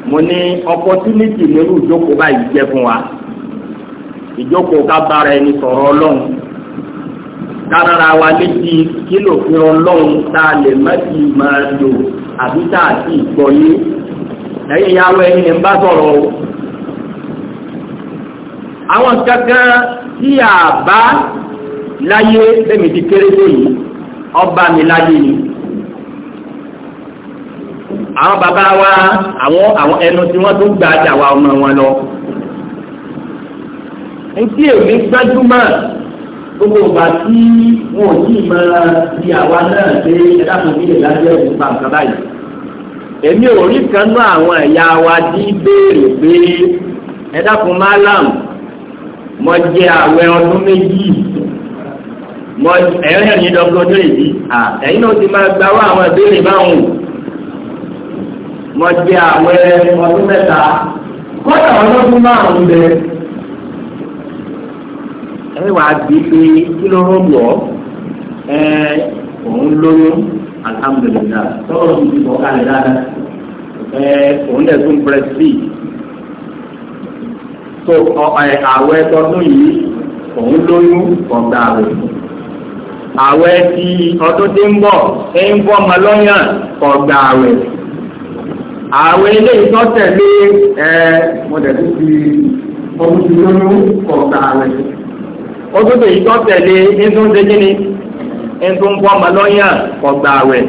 mo ní opportunity nínú ìjókòó báyìí jẹ́ fún wa ìjókòó ká bára ẹni sọ̀rọ̀ ọlọ́run kárára wa létí kílò fún ọlọ́run tá a lè má ti máa lò àbí tá a ti gbọ́ yé ẹ̀yìn ìyàwó ẹni ń bá sọ̀rọ̀ o. àwọn kankan tí a bá láyé lẹ́mi ti kéré tó yìí ọba mi láyé ni. àwọn bàbá wa àwọn ẹnu tí wọ́n tún gbàjà wa ọmọ wọn lọ. ntí èmi gbájúmọ́ gbogbo ìgbà tí wọn ò tí ì mọ ibi àwa náà ṣe ẹ̀dáàbò bí lè lájẹ́ òun pa nǹkan báyìí. èmi ò rí kan náà àwọn ẹ̀yà wa dí béèrè pé ẹ̀dáàkùn máàlám mo jẹ àwẹ̀ ọdún méjì mo ẹ̀yọ́ yẹn ní dọ́gbọ́n ọdún èyí ẹ̀yìn náà ti máa gbawọ́ àwọn ìbéèrè báwọn mo jẹ àwẹ̀ ọdún mẹ́ta kọ́dà ọlọ́dún márùn-ún bẹ́ẹ̀ ẹ wàá bí pé kí ló rọ wọ ẹ òun lóyún alhamdulilayi tọrọ mi ti bọ kálẹ̀ dáadáa ẹ òun dẹ̀ tún brẹ sí so àwẹ̀ tọdún yìí òun lóyún ọ̀gá rẹ̀ àwẹ̀ ti ọdún tí ń bọ̀ ẹ ń bọ́ ọmọ lọ́yàn ọ̀gá rẹ̀ àwẹ̀ ilé ìtọ́ tẹ̀lé ẹ mo dẹ̀ tún fi ọdún tí lóyún ọ̀gá rẹ̀. ojúbẹ yìí tó tẹ̀lé ẹtú ń segin ni ẹtú ń fọmọ lọ́yàn ọgbà rẹ̀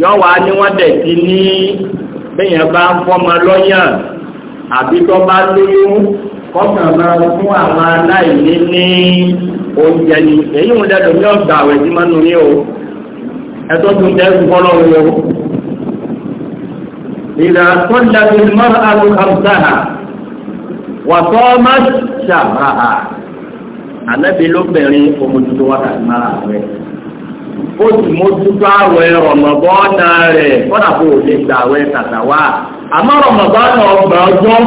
yọ wá ní wọ́n dẹ̀ ti ní bẹ́yẹn bá ń fọmọ lọ́yàn àbí tó bá lóyún kọ́kàn fún àwọn aláìní ní oúnjẹ ni èyí ń dẹ́dọ̀ ní ọgbà rẹ̀ o o. ànábì ló bẹ̀rẹ̀ omojútó wákàtí mara rẹ̀ ó sì mójútó àwẹ̀ rọ̀mọ̀bọ́nà rẹ̀ kọ́nà kó o lè gbà àwẹ̀ tàtàwá àmọ́ rọ̀mọ̀bọ́nà ọgbà ọjọ́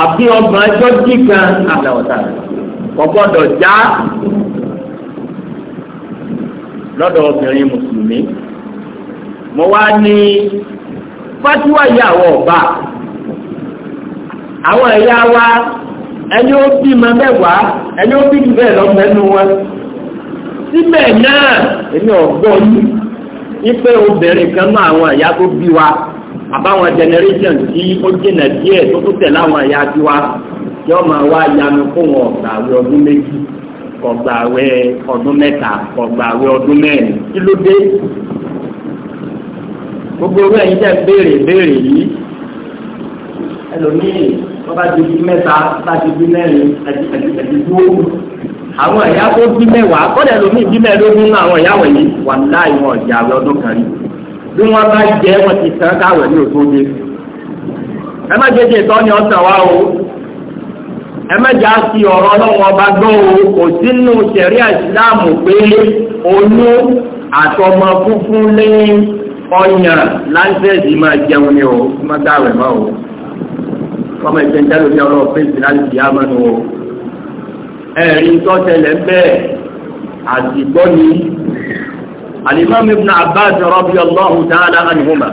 àbí ọgbà ọjọ́ dìkan àtàwọ̀tà kọ́gbọ́dọ̀ já lọ́dọ̀ obìnrin mùsùlùmí mo wá ní fátíwáyé àwọn ọba àwọn ẹ̀yà wa. ẹni ó bí ma mẹ́wàá ẹni ó bí bẹ́ẹ̀ síbẹ̀ náà èmi ọ̀gbọ́ yìí wípé obìnrin kan wa àbáwọn generation tí ó jìnà díẹ̀ tó tó tẹ̀ láwọn wa máa wá yanu fún wọn ọ̀gbàwé ọdún méjì ọ̀gbàwé ọdún mẹ́ta ọ̀gbàwé ọdún mẹ́rin kí ló dé gbogbo owó tẹ̀ wọ́n bá ti bí mẹ́ta bá ti bí mẹ́rin àdìgbò àwọn ẹ̀yà tó bí mẹ́wàá kọ́dẹ̀ lómi bí mẹ́ẹ̀ẹ́dógún nínú àwọn ẹ̀yà wọ̀nyí wà láì wọn ọ̀jà rẹ ọdún kan rí bí wọ́n bá jẹ́ wọn ti tán káwẹ̀ ní òtóde ẹ má jẹ́jẹ́ ìtọ́ ni ọ̀sán wa o ẹ má jà sí ọ̀rọ̀ ọlọ́wọ́n ọba gbọ́ o kò sínú sẹ̀rí àìsíláàmù pé oyún àtọmọ fúnfún lẹ́yìn ọyàn láńsẹ̀sì máa jẹun ni o má dáwẹ̀ mọ́ o. kọ́mọ ẹ̀jẹ̀ ń dálóbi ọlọ́wọ́ fèsì láti fi mọ́nu o. ẹ̀rí tó tẹ̀lé ń bẹ́ẹ̀ àtìgbọ́ ni alimami ibn abbas radiyallahu ta'ala anhuma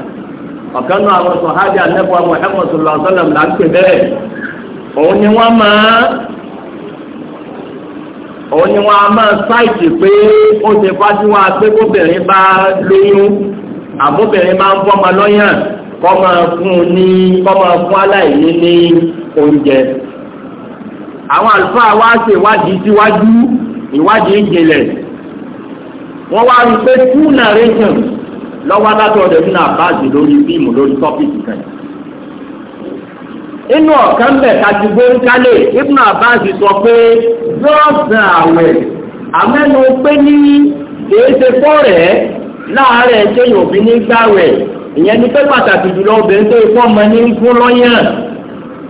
ọ̀kan náà àwọn sọ̀hájà nẹ́fọ̀ muhammad sallallahu alayhi wa sallam òun ni máa pé ó pé kóbìnrin bá lóyún àbóbìnrin máa ń lọ́yàn. kọ́ máa fún ní kọ́ máa fún aláìní ní oúnjẹ. àwọn àlùfáà wá ṣe ìwádìí síwájú ìwádìí ìjìnlẹ̀ wọ́n wá rí pé two narrations lọ́wọ́ látọ̀dọ̀ nínú àbáàjì lórí fíìmù lórí tọ́pìkì kan inú ọ̀kan bẹ̀ kàtìgbórí kálẹ̀ Ibn Abbas sọ pé yọ́ọ̀sán àwẹ̀ àmẹ́nu pé ní kìí ṣe fọ́rẹ̀ẹ́ láàárẹ̀ ṣe yòóbí nígbà rẹ̀ ìyẹn ni pé pàtàkì jùlọ obìnrin tó ikú ọmọ ní fún lọ́yàn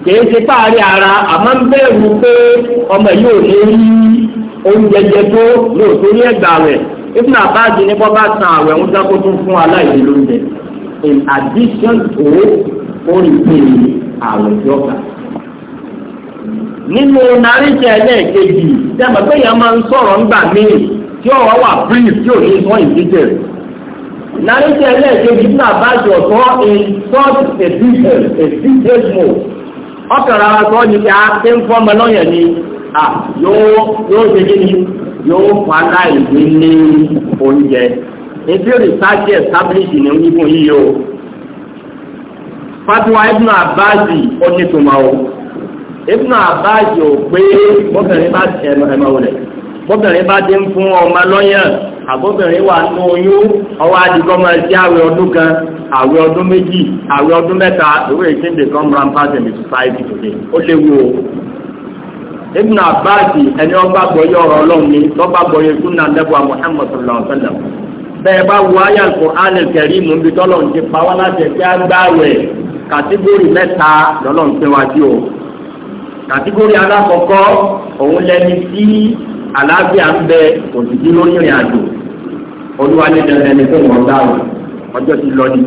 kìí ṣe páàrí ara àmọ́ ń bẹ̀rù pé ọmọ yìí ò ní rí oúnjẹ jẹ tó yóò torí ẹ̀gbà rẹ̀ ìfúnà báàgì ní bọ́ bá àwẹ̀ ń dákó tó fún aláìní lóúnjẹ in addition to oríṣi àwẹ̀ jọ́ka. nínú nàríṣẹ́ ẹlẹ́ẹ̀kejì jẹ́ mọ̀ pé yẹn máa ń sọ̀rọ̀ ńgbà míì tí ọ̀rọ̀ wà brief tí ò ní sọ ìdíje rẹ̀. narrator ẹlẹ́ẹ̀kejì ní àbájọ ọ̀tọ́ insult a detail a detail mode ọkàrà sọ ní kí a ń fọ́mọ lọ́yẹ̀ ni yóò ṣe kí ni yóò fa láìsí ní oúnjẹ ebi research established ní onígun yìí o fatiwa ibnu abazi o ibnu abazi ò pé bọ́bìnrin bá ẹ̀mọ̀ ẹ̀mọ̀ wọlé bọ́bìnrin bá dé fún ọmọ lọ́yẹ̀ àbóbìnrin wà nù oyún ọwọ́ adigun máa jẹ́ àwẹ̀ ọdún kan àwẹ̀ ọdún méjì àwẹ̀ ọdún mẹ́ta ìwé ìsìn dey come rampant in the society today ó léwu o. ibn abbas ẹni ọba gbọ́yé ọ̀rọ̀ ọlọ́run ni lọ́ba gbọ́yé sunna nebua muhammad sallallahu alayhi wa sallam bẹ́ẹ̀ bá wo ayé alukur'an kẹrìmù níbi tọ́lọ̀ ń ti pa wá láti ẹ̀kẹ́ agbáwẹ̀ kàtígórì mẹ́ta lọ́lọ́ kàtígórì alákọ̀ọ́kọ́ òun lẹni àlàáfíà ń bẹ òtítí lórí ìrìn àjò olúwa ní dandan ní fún wọn dáhùn ọjọ́ ti lọ ní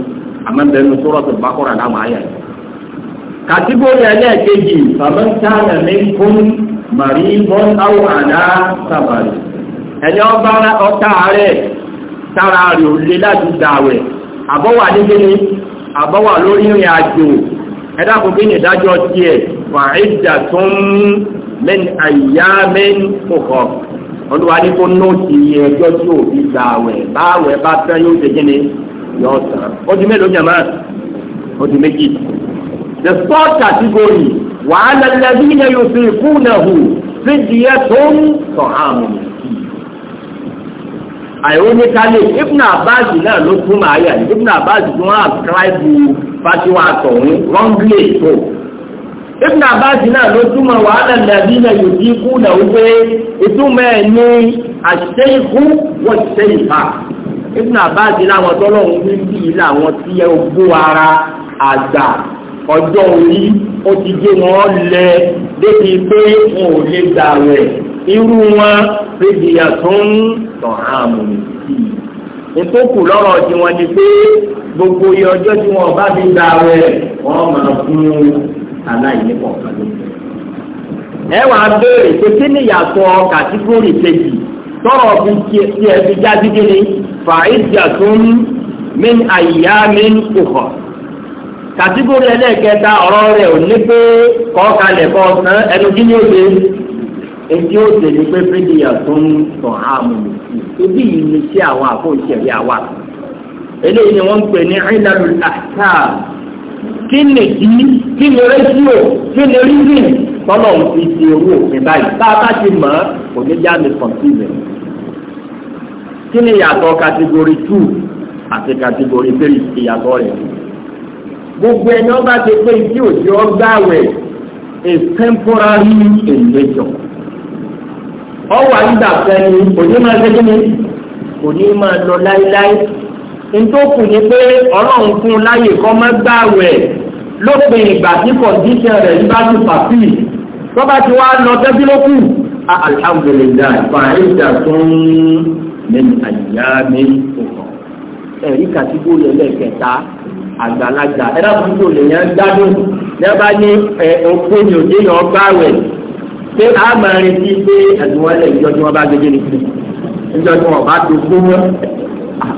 àmọ́ bẹ́ẹ̀ ní tó bá kọ́ra láwọn àyà yìí. ẹlẹ́ẹ̀kejì bàbá ń ta ẹ̀mí fún màrí bọ́n áwọ̀ àdá sàbàrì ẹni ọba ọta rẹ̀ tára rẹ̀ ò láti dàwẹ̀ àbọ̀wà àbọ̀wà lórí ìrìn àjò ẹ̀dá kò kí ni ìdájọ́ tiẹ̀ min ayyamin kòkò olúwa ní kó nóòtì iye ẹjọ́ tí ò fi gbà wẹ̀ báwẹ̀ bá fẹ́ yóò ṣe kíni yọ sàn ó di mélòó jàmá ó méjì the fourth category wàhálà lẹ́bí ní yóò fi kú náà hù fídíẹ̀ tó ń sọ̀ àmì àìróníkálẹ̀ ibùn àbáàzì náà ló túmọ̀ ayé àyè ibùn àbáàzì tí wọ́n á kíláìbù fatiwa àtọ̀hún wọ́n tó ibn abbas náà ló túmọ̀ wàhálà nàbí na yòókì kú nà wípé ìtumọ̀ ẹ̀ ní àṣeyìkú wọ́n ṣeyìká ibn abbas láwọn tọ́lọ́hún ní bí i láwọn tí ẹ gbó ara àgbà ọjọ́ orí ó ti gé wọn lẹ débi pé wọn ò lè gbà rẹ̀ irú wọn fèdìyà tó ń tàn àmù sí i ìtókù lọ́rọ̀ tí wọ́n ní pé gbogbo iye ọjọ́ tí wọ́n bá fi gbà rẹ̀ wọ́n máa fún un aláìní kọ̀ọ̀kan ló. ẹ wàá béèrè pé kí ni ìyàtọ̀ kàtíkórì kejì tọrọ fi ti ẹ fi jáde kíni fàáìjà tó ń mí àyà mí kò hàn kàtíkórì ẹlẹ́ẹ̀kẹta ọ̀rọ̀ rẹ̀ ò ní pé kọ́ọ̀kalẹ̀ kọ̀ọ̀kan ẹnu kí ni ó lè èyí ó tẹ̀lé pé fídíà tó ń tàn áàmù ibi yìí ni sí àwọn àfọ̀ìṣẹ̀rí àwa eléyìí ni wọ́n ń pè ní ìlànà àkáà kí ni kí kí ni rédíò kí ni rídìn tọ́lọ̀ ń fi di owó òfin báyìí tá a bá ti mọ̀ ọ́ kò ní já mi kọ̀ǹtìmẹ̀. kí ni ìyàtọ̀ kàtígórì two àti kàtígórì three ìyàtọ̀ rẹ̀? gbogbo ẹni ọba ti pé ibi òjì ọgbà wẹ̀ is temporary in nature. ọwọ́ àyíká fẹ́ ni òní máa ṣe kí ni òní máa lọ láíláí ntókù ni pé ọlọ́run fún un láyè kọ́ mọ́ gbààwẹ̀ lópin ìgbà tí kọ̀ǹdíṣẹ̀ rẹ̀ ń bá ti fàfí tọ́ba ti wá lọ tẹ́bí ló kù alhamdulilayi fàáyíjà tún mẹ́ni àyíyá mẹ́ni òkàn ẹ̀rí kàtíkórì ẹlẹ́kẹta àgbàlagbà ẹ̀rọ àbúrò lèyàn gbádùn lẹ́bàá ní ọ̀pọ̀ ní òde yàn gbààwẹ̀ pé a máa retí pé ẹ̀dùn wọn lẹ̀ ìjọ tí wọ́n bá gbé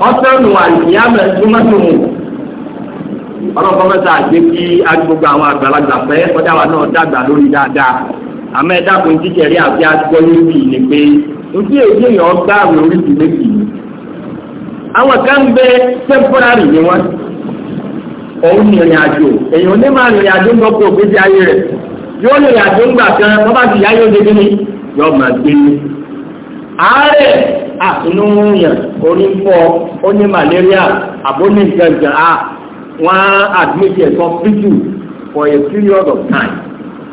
ọ̀sẹ̀ nù àìsíyá bẹ̀rẹ̀ sí mọ́tò mu ọlọ́pàá mẹ́ta àgbẹ̀ agbègbè àwọn àgbàlagbà pẹ́ ọjà wa náà dàgbà lórí dáadáa àmọ́ ẹ̀dá kan jíjẹ rí àti àtijọ́ níbi ni pé ojú èyí èèyàn gbá àwọn oríṣi méjì ni àwọn kan ni wọ́n òun ní ìrìn àjò èèyàn ní máa àjò ayé rẹ̀ yóò àtúnú yàn onífọ́ oní malaria àbóní gàngàn à wọ́n admit ẹ̀ sọ fíjù for a period of time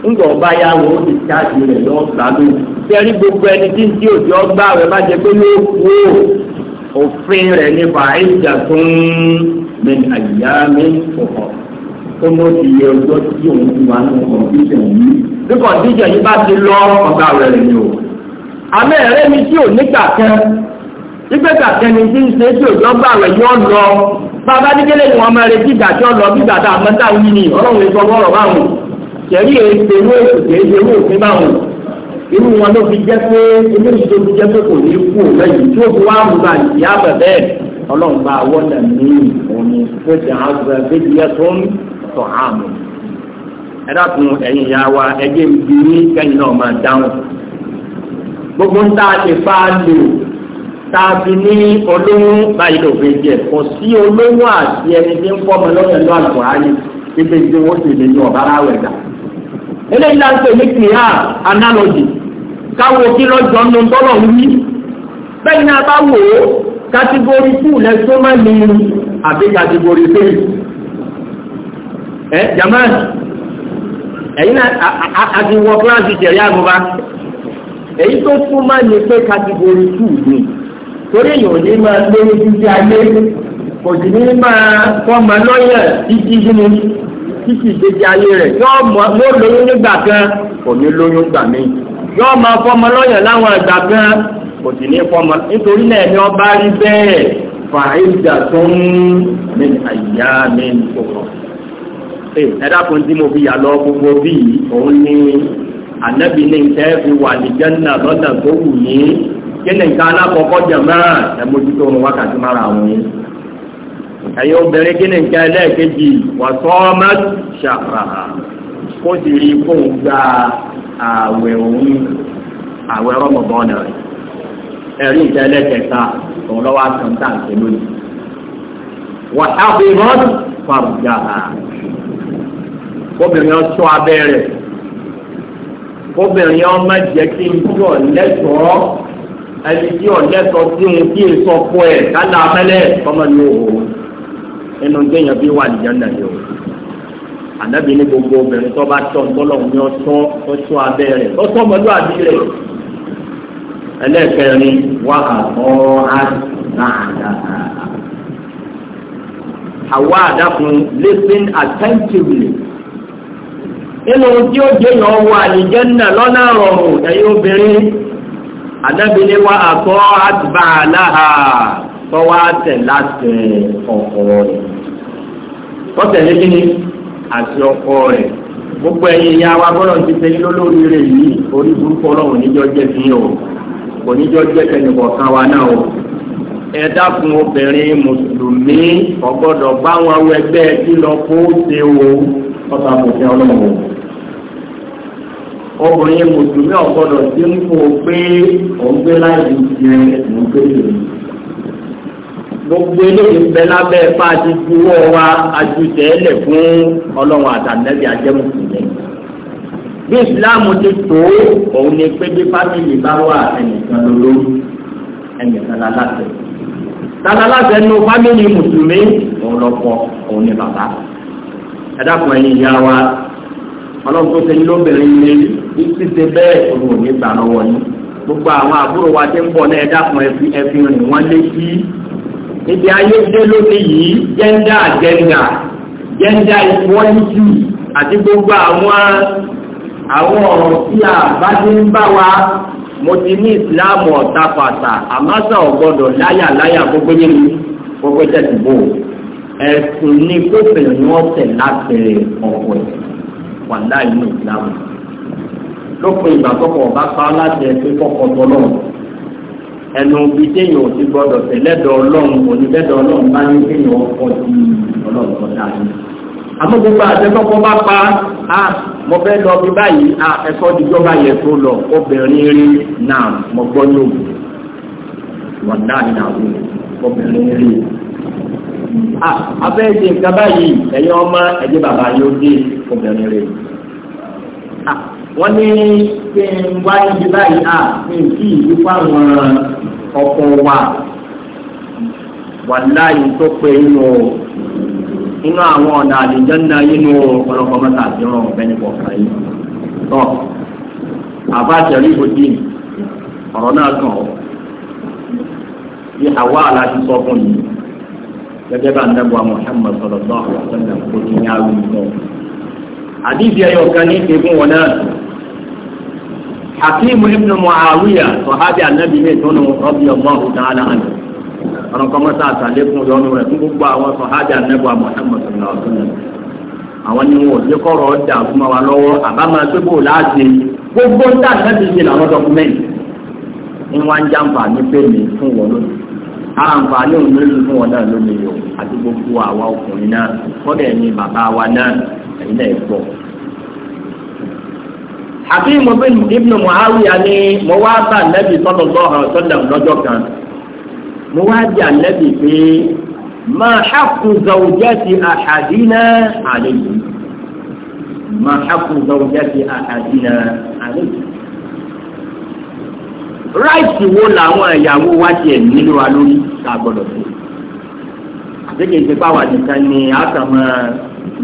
ńgbọ̀ ọba ya wo ó ti jáde rẹ̀ lọ gbàgbé tẹ́rí gbogbo ẹni tí ń tí òjò ọgbà rẹ̀ bá jẹ pé ló kú òfin rẹ̀ nípa ìjà tó ń min àyà mi fọ̀fọ̀ ó mọ̀ sí iye ọjọ́ tí òun ti wà ní kọ̀ǹpútà yìí bí kọ̀ǹpútà yìí bá ti lọ ọgbà rẹ̀ ni o àmọ́ ẹ̀rẹ́ mi tí ò nígbà kan ni tí ń ṣe tí òjò gbà rẹ̀ yọ lọ bàbá dídélé ni wọ́n máa tí ó lọ bí ìgbà tá a mọ́ tá a wí ni ọlọ́run èso ọlọ́rọ̀ báwọn kẹ̀rí èso owó èso kẹ̀rí owó òfin báwọn irú wọn ló fi jẹ́ pé ilé ìṣó fi jẹ́ pé kò ní kú lẹ́yìn tí ó fi wá mú ba ìyá bẹ̀bẹ̀ ọlọ́run bá wọ́n nà ní òní fẹ́ẹ́ àgbẹ̀ bẹ́ẹ̀ yẹ tó ń tọ̀ àmì ẹ dákun ẹ̀yin ìyá wa ẹgbẹ́ mi bí kẹ́yìn náà máa dáhùn gbogbo ń tàà ti fa lò tàbí ní olóhùn báyìí ló fi jẹ kò sí olóhùn àti ẹni tí ń fọmọ lọ́sẹ̀ lọ́wọ́ àlùkò ayé ibi tí wọ́n sì lè ní ọ̀bá láwẹ̀ dà. eléyìí la ń pè ní kìíyà analogy káwo kí lọ́jọ́ ń lo tọ́lọ̀ ń wí bẹ́ẹ̀ ni a bá wò ó kátígórì tù lẹ́sọ́ má ní àbí kátígórì tèè ẹ jàmáà ẹ̀yin náà àti wọ kíláàsì tẹ̀lé àgùnbá èyí tó fún máa ní pé kàtìgòrì tù ní torí èèyàn ò ní máa gbé ní títí ayé kò sì ní máa fọmọ lọ́yà títí yín ní títí ìdíje ayé rẹ̀ yóò mọ yóò lóyún nígbà kan kò ní lóyún gbà mí yóò máa fọmọ lọ́yà láwọn ìgbà kan kò sì ní fọmọ nítorí náà ni wọ́n bá rí bẹ́ẹ̀ fà ìjà tó ń mi àyà mi kò rọ̀ ẹ dákun tí mo fi yà lọ gbogbo bíi òun ní ànábì ní ìtẹ́ fi wà ní jẹ́nà lọ́nà tó wù yín kí ni nǹkan alákọ̀ọ́kọ́ jẹ̀ mẹ́rà ẹ ohun wákàtí mara àwọn yín. ẹ̀yin obìnrin kí ni nǹkan ẹlẹ́ẹ̀kejì wà sọ́ọ́mọ́ ṣàfà kó sì rí fóun gba ààwẹ̀ òun ààwẹ̀ rọ́mọ̀bọ́nà rẹ̀ ẹ̀rí ìtẹ́ ẹlẹ́kẹta òun lọ́wọ́ àtúntà ìṣèlú yìí. wà á fi rọ́ọ̀dù fàrùjà obìnrin ọ̀ṣọ́ abẹ́rẹ́ obìnrin ọmọ jẹ́ kí n tí ò lẹ́tọ̀ọ́ ẹni tí ò lẹ́tọ̀ọ́ tí òun kí n sọ fún ẹ̀ kálá mẹ́lẹ̀ ọmọ ni o ẹnu gbẹ̀yàn bí wà nìyẹn náà yẹ o ànábì ní gbogbo obìnrin tó bá tọ́ ńkọ́lọ́ ní ọtọ́ ọtọ́ abẹ́ rẹ̀ ọtọ́ ọmọdé àbí rẹ̀ ẹlẹ́ẹ̀kẹrin wà àbọ̀ àdáhà àwa àdákun listen attentively. nínú tí ó jẹ́ yàn wọ àlìjẹ́nà lọ́nà rọrùn ẹ̀yí obìnrin adábìnrin wa àtọ́ àtìbà aláha tó wá tẹ̀ láti rẹ̀ àti ọkọ rẹ̀ gbogbo ẹ̀yin ìyá wa gbọ́dọ̀ ti ṣe rẹ̀ yìí orí burúkú ọlọ́run níjọ́ jẹ́ fi hàn ọ̀tà àpòfin ọlọ́run obìnrin mùsùlùmí ọ̀gbọ́dọ̀ tí ń kó pé òun gbé láì ju ti ẹ̀sìn pé lòun gbogbo eléyìí ń bẹ lábẹ́ ipá ti juwọ́ wa ajutẹ́lẹ̀ fún ọlọ́run àtànẹ́bí ajẹ́mùsùlùmí bí ìsìláàmù ti tó òun ni pé bí fámìlì bá wà ẹnìkan lólórí ẹnìkan láláṣẹ tàlálàṣẹ nu fámìlì mùsùlùmí òun lọ́kọ òun ni bàbá ẹ̀dàkùn ẹ̀yìn ìyá wa ọlọ́run tó sẹ́yìn lóbìnrin ilé ní ṣíṣe bẹ́ẹ̀ olùwò ní gbà lọ́wọ́ yìí gbogbo àwọn àbúrò wa ti ń bọ̀ náà ẹ̀dàkùn ẹ̀fin rìn wọ́n létí ibi ayé dé lónìí yìí gẹ́ńdà gẹ́ńdà gẹ́ńdà ìwọ́nìtì àti gbogbo àwọn àwọn ọ̀rọ̀ tí a bá ti ń bá wa mo ti ní ìsìláàmù ọ̀tá pàtà àmásà ọ̀gbọ́dọ̀ láyà láyà gbogbo yẹn gbogbo jẹ́ ti bò ó ẹ̀sùn ní kófìlì ni wọ́n tẹ̀ lábẹ́rẹ́ ọ̀pọ̀ ẹ̀ wà láì ní ìsìlámù lópin ìgbà tọkọ ọba pa láti ẹsẹ kọkọ tọlọ ẹnu bí téèyàn ò ti gbọ́dọ̀ tẹlẹdọ Ọlọ́run onídẹdọ Ọlọ́run bá ní téèyàn ọkọ ti Ọlọ́run tó dáa ní. àmọ́ gbogbo àtẹkọkọ bá pa á mo fẹ́ lọ bí báyìí á ẹ̀kọ́ ìjọba yẹ tó lọ obìnrin rí náà mo gbọ́ ní òbí wọn dáa ní obìnrin rí abẹ́ẹ̀dẹ̀ nǹkan báyìí ẹ̀yin ọmọ ẹ̀jẹ̀ bàbá yóò dé obìnrin rẹ̀. wọ́n ní kí n wá níbi báyìí à ní kí ìdíkọ́ àwọn ọkọ̀ wa wà láàyè tó pé inú o inú àwọn ọ̀nà àlejò náà inú ọ̀pọ̀lọpọ̀ mọ́ta àti ọ̀rọ̀ ọ̀bẹ́ni kọ̀ọ̀kan yìí. tọ́ àbá àtẹ̀rí ìbòdì ọ̀rọ̀ náà kàn ọ́ bí àwa àlàjì sọ fún yìí gẹ́gẹ́ bá nẹ́bùa Muhammad sallallahu alaihi wasallam kò ti ní àwọn ìtọ́. àdìsí ẹ̀yọ̀ kan ní ìgbégún wọn náà Hakim ibn Muawiya sọ̀hábì ànábì ní ìtọ́nù radiyallahu ta'ala anhu ọ̀rọ̀kọ́mọ́sá àtàlékún lọ́nu rẹ̀ fún gbogbo àwọn sọ̀hábì ànábùa Muhammad sallallahu alaihi wasallam àwọn ni wọn ò lè kọ́rọ̀ ọjà fún wa lọ́wọ́ àbámá gbégbó láti gbogbo ń dà nẹ́bí àǹfààní òun lórí fún wọn náà lómi yòó àti gbogbo àwa ọkùnrin náà kọ́dẹ̀ ni bàbá wa náà ẹ̀yin náà gbọ́. àbí mo bí ibnu muawiya ni mo wá bá nẹ́bí sọ́dọ̀ lọ́hàn sọ́dọ̀ lọ́jọ́ kan mo wá di ànẹ́bí pé máa haqqu zawjati ahadina alayhi máa haqqu zawjati ahadina alayhi ráìtì wo làwọn ìyàwó wa tiẹ̀ nílò wa lórí. tá a gbọ́dọ̀ sí. àtẹ̀kẹ́ ìpínpá wa nìkan ni a kàn máa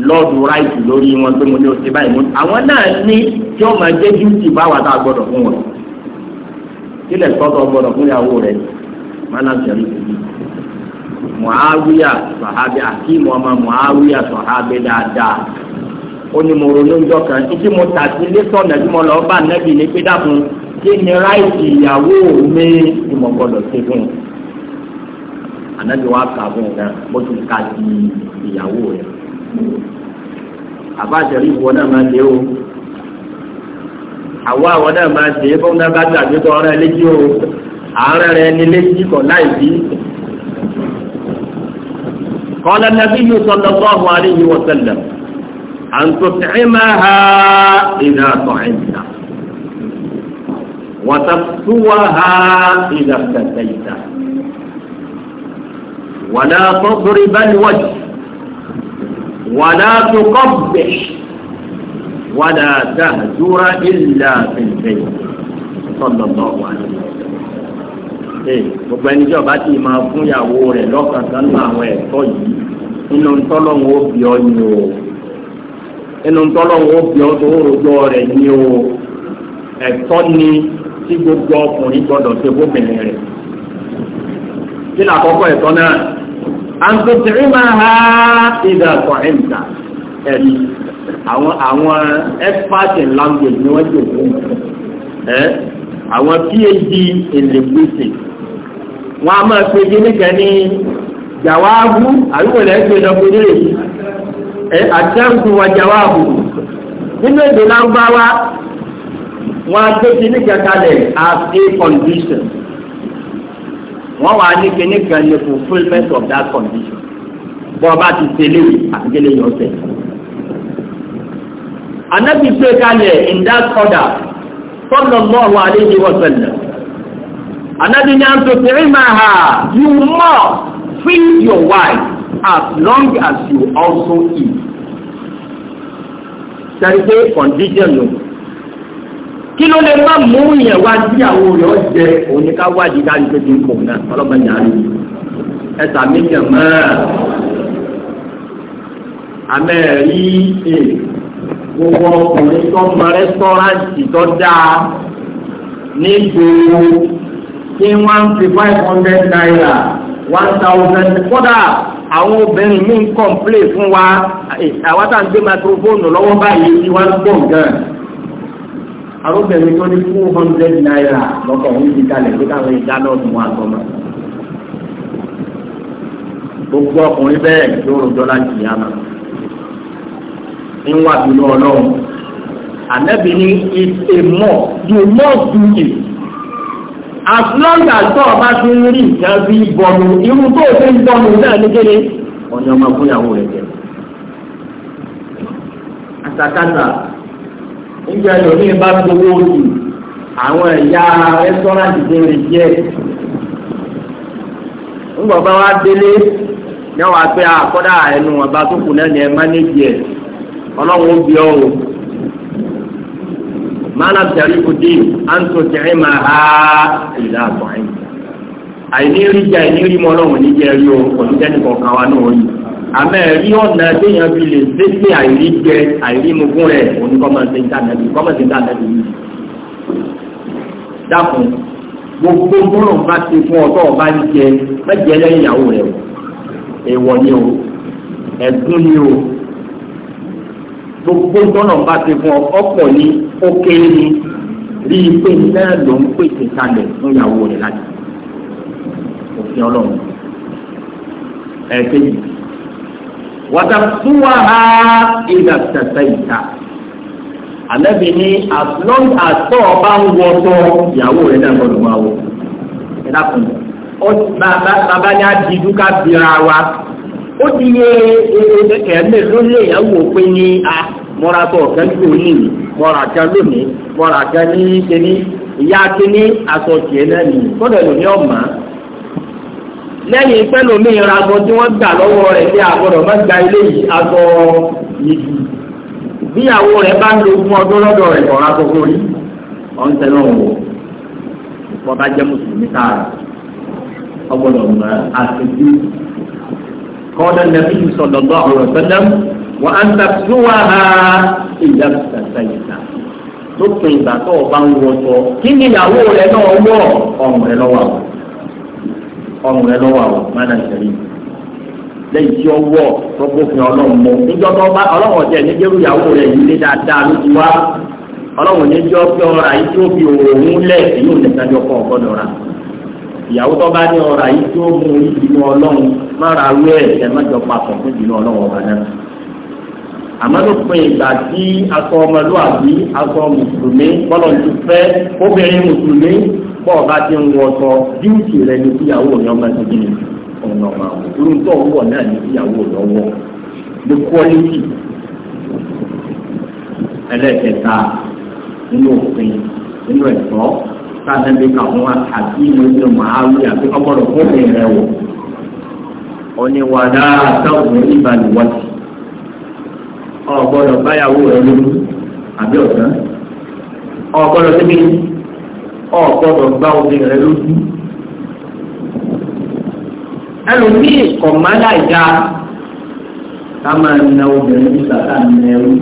lọ́ọ̀dù ráìtì lórí wọn pé mo ní o ti báyìí mú. àwọn náà ní tí wọ́n máa jẹ́ dúùtì báwa tá a gbọ́dọ̀ fún wọn. kílẹ̀ sọ́dọ̀ gbọ́dọ̀ fún ìyàwó rẹ̀ mọ́nà sẹ́rí kìí. Muawiya sọ̀hábí Akim ọmọ Muawiya sọ̀hábí dáadáa. ó ní mo ronú ìjọ kan títí mo tà sí lẹ́sọ̀nà tí mo lọ bá nẹ́bì ní fún ànábi wa kà fún ọgá náà bó ti ka di ìyàwó rẹ̀ àbá àtẹ̀rí ìwọ náà máa dé o àwọ àwọ náà máa dé fún náà bá gbàgbé tó ọ̀rẹ́ léjì o ààrẹ rẹ ní léjì kọ̀ láì bí. قال النبي صلى الله عليه وسلم أن تطعمها إذا طعمت وتكسوها إذا ابتسيت wàlá tọ́kùnrin bá ní wọ́jú wàlá tó kọ́ bẹ̀ wàlá dáhàdúrà ìlà ẹ̀ǹdẹ̀ sọ̀dọ̀ bọ̀ wà ní. gbogbo ẹni tí ọba ti máa fún ìyàwó rẹ̀ lọ́kàn kan nínú àwọn ẹ̀tọ́ yìí nínú ntọ́lọ́wọ́ bí ọ ni o nínú ntọ́lọ́wọ́ bí ọ tó rojọ́ rẹ̀ ni o ẹ̀tọ́ ni tí gbogbo ọkùnrin gbọ́dọ̀ ṣe gómìnà rẹ̀ kí ni àkọ́kọ́ ẹ̀tọ́ náà àǹtọ̀tìrì máa ha ìdá kọ̀ǹtà ẹ̀rí àwọn àwọn expert in language ni wọ́n jòkó ẹ̀ àwọn phd in linguistics wọ́n a máa pe gíníkà ní jàwáàbù àríwọ̀lẹ̀ ẹgbẹ́ ìjọba onílé jàwáàbù nínú èdè lágbáwá wọ́n a gbé gíníkà kalẹ̀ as a condition wọ́n wà ní kíní kan ní fulfilment of that condition bọ́ ọba ti tẹ̀lé àtìgélé yọ ọ̀sẹ̀. anabi pé kalẹ̀ in that order sallallahu alayhi wa sallam anabi ní àtúntì "Ha, you must feed your wife as long as you also eat. sẹ́ni pé condition yòókù kí ló lè má mú yẹn wá díyàwó rẹ̀ ọ́ jẹ òun wádìí dáadé pé kí n kò náà ọlọ́mọdé àárín ẹ̀sà méjìlá máa amẹ́rí ẹ̀ gbogbo ọkùnrin tó mọ rẹ́sítọ́ráǹtì tó dáa nígboro tí wọ́n fi five hundred naira one thousand kódà àwọn obìnrin mi ń kọ̀ǹplé fún wa àwọn tá à lọ́wọ́ báyìí tí wọ́n ń gbọ̀ngàn arúgbẹ̀mí tó ní two hundred naira lọ́kọ̀ ń ti kalẹ̀ pé káwọn ìjà náà tún wà sọ́mọ́. gbogbo ọkùnrin bẹ́ẹ̀ yóò rojọ́ láti yá ma. ń wà bínú ọlọ́run ànábì ní ìpè mọ́ you must do it. as long as tó o bá ti ń rí nǹkan bí bọ́nu irú tó o fi ń bọ́nu náà ní kéde ọ̀nà ọmọ fúnyàwó rẹ̀ jẹ́. àtàkàtà. níjẹ́ lómi bá gbowó oṣù àwọn ẹ̀yà rẹ́sítọ́rántì ti díẹ̀. ńgbọ̀n bá wá délé ní ẹnu ọba tó kù náà ní ẹ mánéjì ẹ̀ ọlọ́run ó bí ọ o. mọ́nà tẹ̀lé kò àǹtò tẹ̀lé máa ha ìlà àtọ̀ àìní rí jẹ́ àìní rí mọ́ ọlọ́run rí o kò ní jẹ́ wa náà yìí. àmẹ́rí ọ̀nà téèyàn fi lè ṣépè àìrí jẹ àìrí mugún rẹ̀ òní kọ́mọ̀sí ìdánẹ́bí kọ́mọ̀sí ìdánẹ́bí yìí. dákun gbogbo gbọ́dọ̀ bá ti fún ọ̀tọ̀ ọba ń jẹ mẹ́jẹ lẹ́yìn ìyàwó rẹ̀ o èèwọ̀ ni o ẹ̀gún ni o gbogbo gbọ́dọ̀ bá ti fún ọ̀pọ̀ ni ó kéré ni rí i pé náà ló ń pèsè kalẹ̀ fún ìyàwó rẹ̀ láti òfin ọlọ́run ẹ̀ẹ́dẹ́gbẹ̀ẹ́ wàtàkùwàhà ìdàtàtàìta àlẹ́bí ni as long as tọ́ ọ bá ń wọ ìyàwó rẹ̀ náà gbọ́dọ̀ máa wọ ẹ dákun bàbá ní ká bira wa ó ti yẹ lè yàwó pé ní a mọ́ra tọ̀ ọ̀kẹ́ ní òní kan lónìí mọ́ra kan ní kíní ìyá kíní aṣọ tiẹ̀ náà nìyí kọ́dọ̀ ọ̀ma. lẹ́yìn pẹ́lú mi ra aṣọ tí wọ́n gbà lọ́wọ́ rẹ̀ pé àgbọ̀dọ̀ má gba ilé yìí aṣọ yìí bíyàwó rẹ̀ bá ń lo ogún ọdún lọ́dọ̀ rẹ̀ kọ̀ọ̀rọ̀ aṣọ kò rí ọ̀ǹtẹ̀ náà wò wọ́n bá jẹ́ mùsùlùmí káàrọ̀ ọgbọ́dọ̀ mọ̀ àṣìjú kọ́dọ̀ nàbí sọ̀dọ̀gbọ́ ọ̀rọ̀ sọ́dọ̀m wọ́n á ń tàbíwá ha ìyá sàṣàyìká lópin ìgbà tó o bá ń wọ ọrùn rẹ lọ́wọ́ àwọn mánà ìṣẹ̀lẹ̀ lẹ́yìn tí ó wọ̀ tọ́gbọ́fin ọlọ́run mọ́ níjọ́ tó ọlọ́run ní jẹ́rú ìyàwó rẹ̀ yìí lé dáadáa ló ti wá ọlọ́run ní jọ́ pé ọ̀rọ̀ àyí tí ó fi lẹ̀ kọ́ ra ìyàwó ní ọ̀rọ̀ àyí tí ó mú ọlọ́run mára ẹ̀ bọ́ọ̀ bá ti ń wọṣọ díìtì rẹ ni kíyàwó rẹ ọmọ ti di ọ̀nà àwọn irú tó ń wọ̀ náà ni kíyàwó rẹ ọwọ́ the quality ẹlẹ́kẹta nínú òfin nínú ẹ̀tọ́ sáàdẹ́bí káwọn àti ìwé ní màálù àti ọgbọ́dọ̀ fófin rẹ wò oníwàdà àtàwọn ìbànúwọ̀tì ọgbọ́dọ̀ báyàwó rẹ lórí àbí ọ̀sán ọgbọ́dọ̀ síbi ọ̀ gbọ́dọ̀ gbá omi rẹ lójú. ẹlòmíì kọ̀mọ́lá ìjà ká máa na obìnrin nígbà tá a nà ẹrú.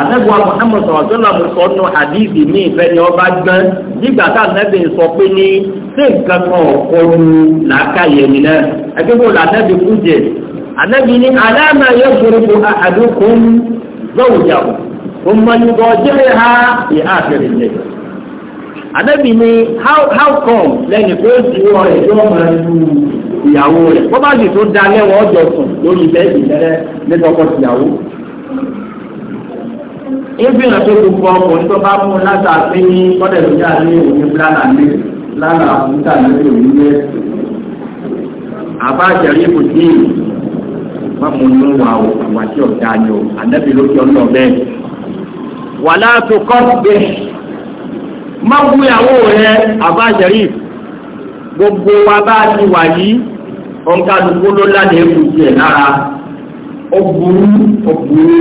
àtẹ̀gbọ́n Muhammad sọ̀rọ̀ tó náà mo sọ nù àdìsí mi ìfẹ́ ni ọba gbọ́n nígbà tá a nẹ́bí sọ pé ní ṣé nǹkan kan ọ̀pọ̀ lu làákàyè mi náà ẹgbẹ́ wo làtẹ́bí kú jẹ ànábi ní aláàmà yóò gbèrè fún àdókòó lọ́wọ́ jà ó mọ̀ nígbà ọjọ́ ìhà ìhà àfẹ́rẹ́ àdẹ́bì ni how come lẹ́yìn tó ju ọ̀rẹ́ tó ọmọ ẹnu ìyàwó rẹ̀ wọ́n bá sì tó da lẹ́wọ̀n ọjọ́ sùn lórí bẹ́ẹ̀dì lẹ́rẹ́ lẹ́nu ọkọ tìyàwó. ìfihàn tó gbogbo ọkùnrin tó bá mú látà pé ní kọ́dẹ̀ tó dá ní òní plánà ní plánà àbúta lórí òní jẹ́ àbá àjẹrí kò sí wọn mú inú wa o àwọn àti ọ̀gá ni o àdẹ́bì ló ọ má wú ìyàwó rẹ àbá ṣẹ̀rí gbogbo wa bá ti wà yìí ọ̀nkadùkú ló láti ẹ̀kú tiẹ̀ lára ó burú ó burú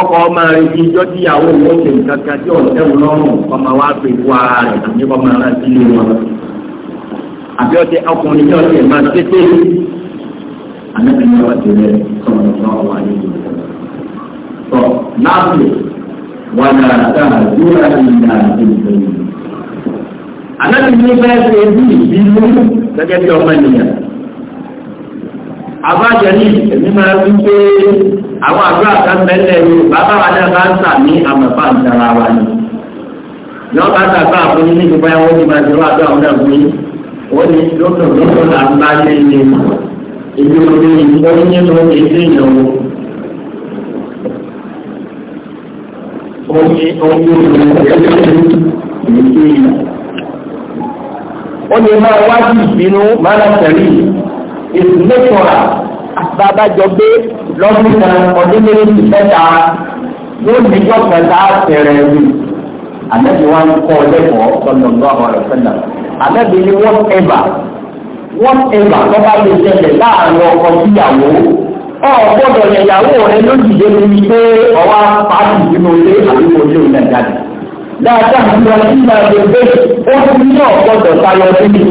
ọkọ̀ ọmọ rẹ̀ ti jọ́ tí ìyàwó wọn ṣe nǹkan kan tí ọ̀tẹ́ wọn lọ́rùn ọmọ wa pè fún ara rẹ̀ àti ọmọ rẹ̀ sí ilé wọn. àbí ọtẹ ọkùnrin ní ọtẹ máa tètè ànábìyàn ọtẹ rẹ̀ sọ̀rọ̀ sọ̀rọ̀ wà nínú rẹ̀ wàlá àtàdúrà ìlà àdúgbò. Àlọ́bí ní bẹ́ẹ̀ ṣe bí ìbínú gẹ́gẹ́ bí ọmọ ènìyàn. Àbájẹ ní èmi máa ń pé àwọn àdúrà kan mẹ́lẹ̀ ni bàbá wa náà bá ń tà ní àmọ̀fà ìdára wa ni. Yọ́n bá tàgbà fún yín níbi báyọ̀ wọ́n ti máa ṣe wá àdúrà náà fún yín. Wọ́n ní lọ́sọ̀lọ́sọ̀ là ń bá lé ilé. Èmi ò ní ìfọyín nínú èdè ìyàwó. ó lè máa wájú ìbínú mánàtẹ̀lì ìsúnmẹ́tọ̀ra àbábájọ gbé lọ́dún kan ọdún méjì mẹ́ta yóò ní jọ́kẹ̀ta tẹ̀rẹ̀ rí àmẹ́bí wa ń kọ́ lẹ́kọ̀ọ́ lọ́dún lọ́wọ́ rẹ̀ fẹ́lẹ̀ àmẹ́bí ni wọ́n ẹ̀bà wọ́n ẹ̀bà tó bá lè ṣẹlẹ̀ láàárín ọkọ̀ síyàwó ọ̀gbọ́dọ̀ yẹ̀yàwó rẹ ló dìde lórí pé ọwá pàtì nínú ilé àdúgbò ilé ìlẹ̀ jáde. Dáadáa ń lọ sí máa lè gbé ó ti ní ọ̀gbọ́dọ̀ tayọ níbi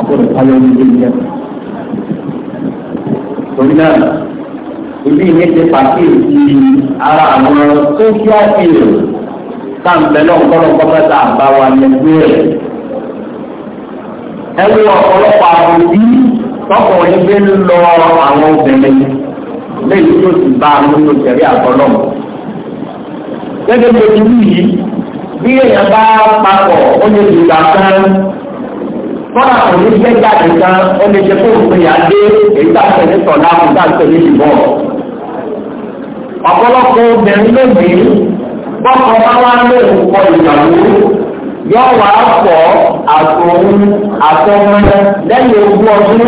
ọ̀gbọ́dọ̀ tayọ níbi ilé ìjẹun. Torí náà, ibi ìní ti pàtì ti ara àwọn social media káàmpẹ̀ náà gbọ́dọ̀ kọ́kọ́tà àbáwá ẹgbẹ́ rẹ̀. Ẹ wo ọ̀pọ̀lọpọ̀ àbòsí tọkùnrin gbé ń lọ àwọn obìnrin lẹ́yìn tó ti bá nínú ìṣẹ̀rí àkọlọ́ gẹ́gẹ́ bí ojú yìí bí èèyàn bá papọ̀ ó lè lù gbà kan fọ́nà kò ní jẹ́ jáde kan ó lè jẹ́ kó òfin yà dé èyí tá a tẹ̀lé sọ̀lá kò tá a tẹ̀lé ìbọ̀ ọ̀pọ̀lọpọ̀ obìnrin lónìí bọ́kọ̀ bá wá lóòkọ̀ ìyàwó yọ wà pọ̀ àtòun àtọmọ lẹ́yìn ogún ọdún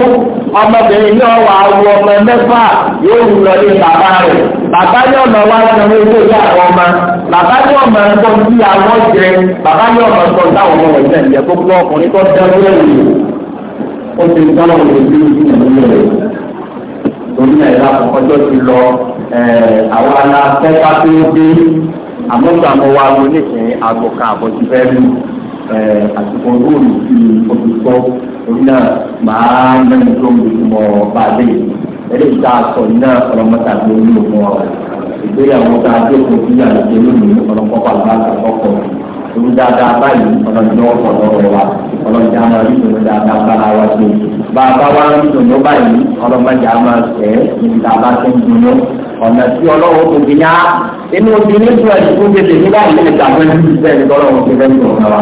ọmọbìnrin yọ wà wọ ọmọ mẹ́fà yóò wù lọ ní bàbá rẹ̀ bàbá ní ọmọ wa san owó ilé àwọn ọmọ bàbá ní ọmọ ẹ̀kọ́ bí àwọn jẹ bàbá ní ọmọ ẹ̀kọ́ táwọn ọmọ rẹ̀ sẹ̀yìn ẹ̀kọ́ gbọ́ ọkùnrin tó dẹ́rú ẹ̀yìn ó ti tọ́lọ̀ lè bí ìdílé rẹ̀ torí ẹ̀rọ àkọ́kọ́ tó ti lọ àwọn aláfẹ́ pátó dé àmọ́gbà mo wá wo nísìnyí aago kan àbọ̀jú fẹ́ lù àsìkò róòlù sí olùkọ́ orí náà màá mẹ́rin tó ń bìtìmọ̀ bá a lè eléyìí tá a sọ yìí náà ọlọ́mọta tó ń lò fún ọ ìgbéyàwó tá dé kó fún yàrá ìgbéyàwó ọlọ́mọkọ́ pàlọ́ àgbà kọ́kọ́ ìlú dáadáa báyìí ọlọ́dún ọ̀pọ̀ lọ́wọ́ wa ọlọ́dún àmọ́ ìdùnnú dáadáa bára wa ṣe. bàbá wa ń dùnnú báyìí ọlọ́mọdé àmọ́ ẹ̀ níbi tá a bá ti ń dùnnú ọ̀nà tí ọlọ́wọ́ kò fi yá inú obìnrin tó ẹ̀sìn tó tètè ní báyìí lè dàgbé ní ìfẹ́ ìtọ́lọ́wọ́ tó fẹ́ sọ̀rọ̀ wa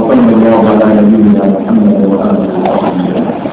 ọ̀pọ̀ ìmọ̀ ìmọ̀ ọ̀gá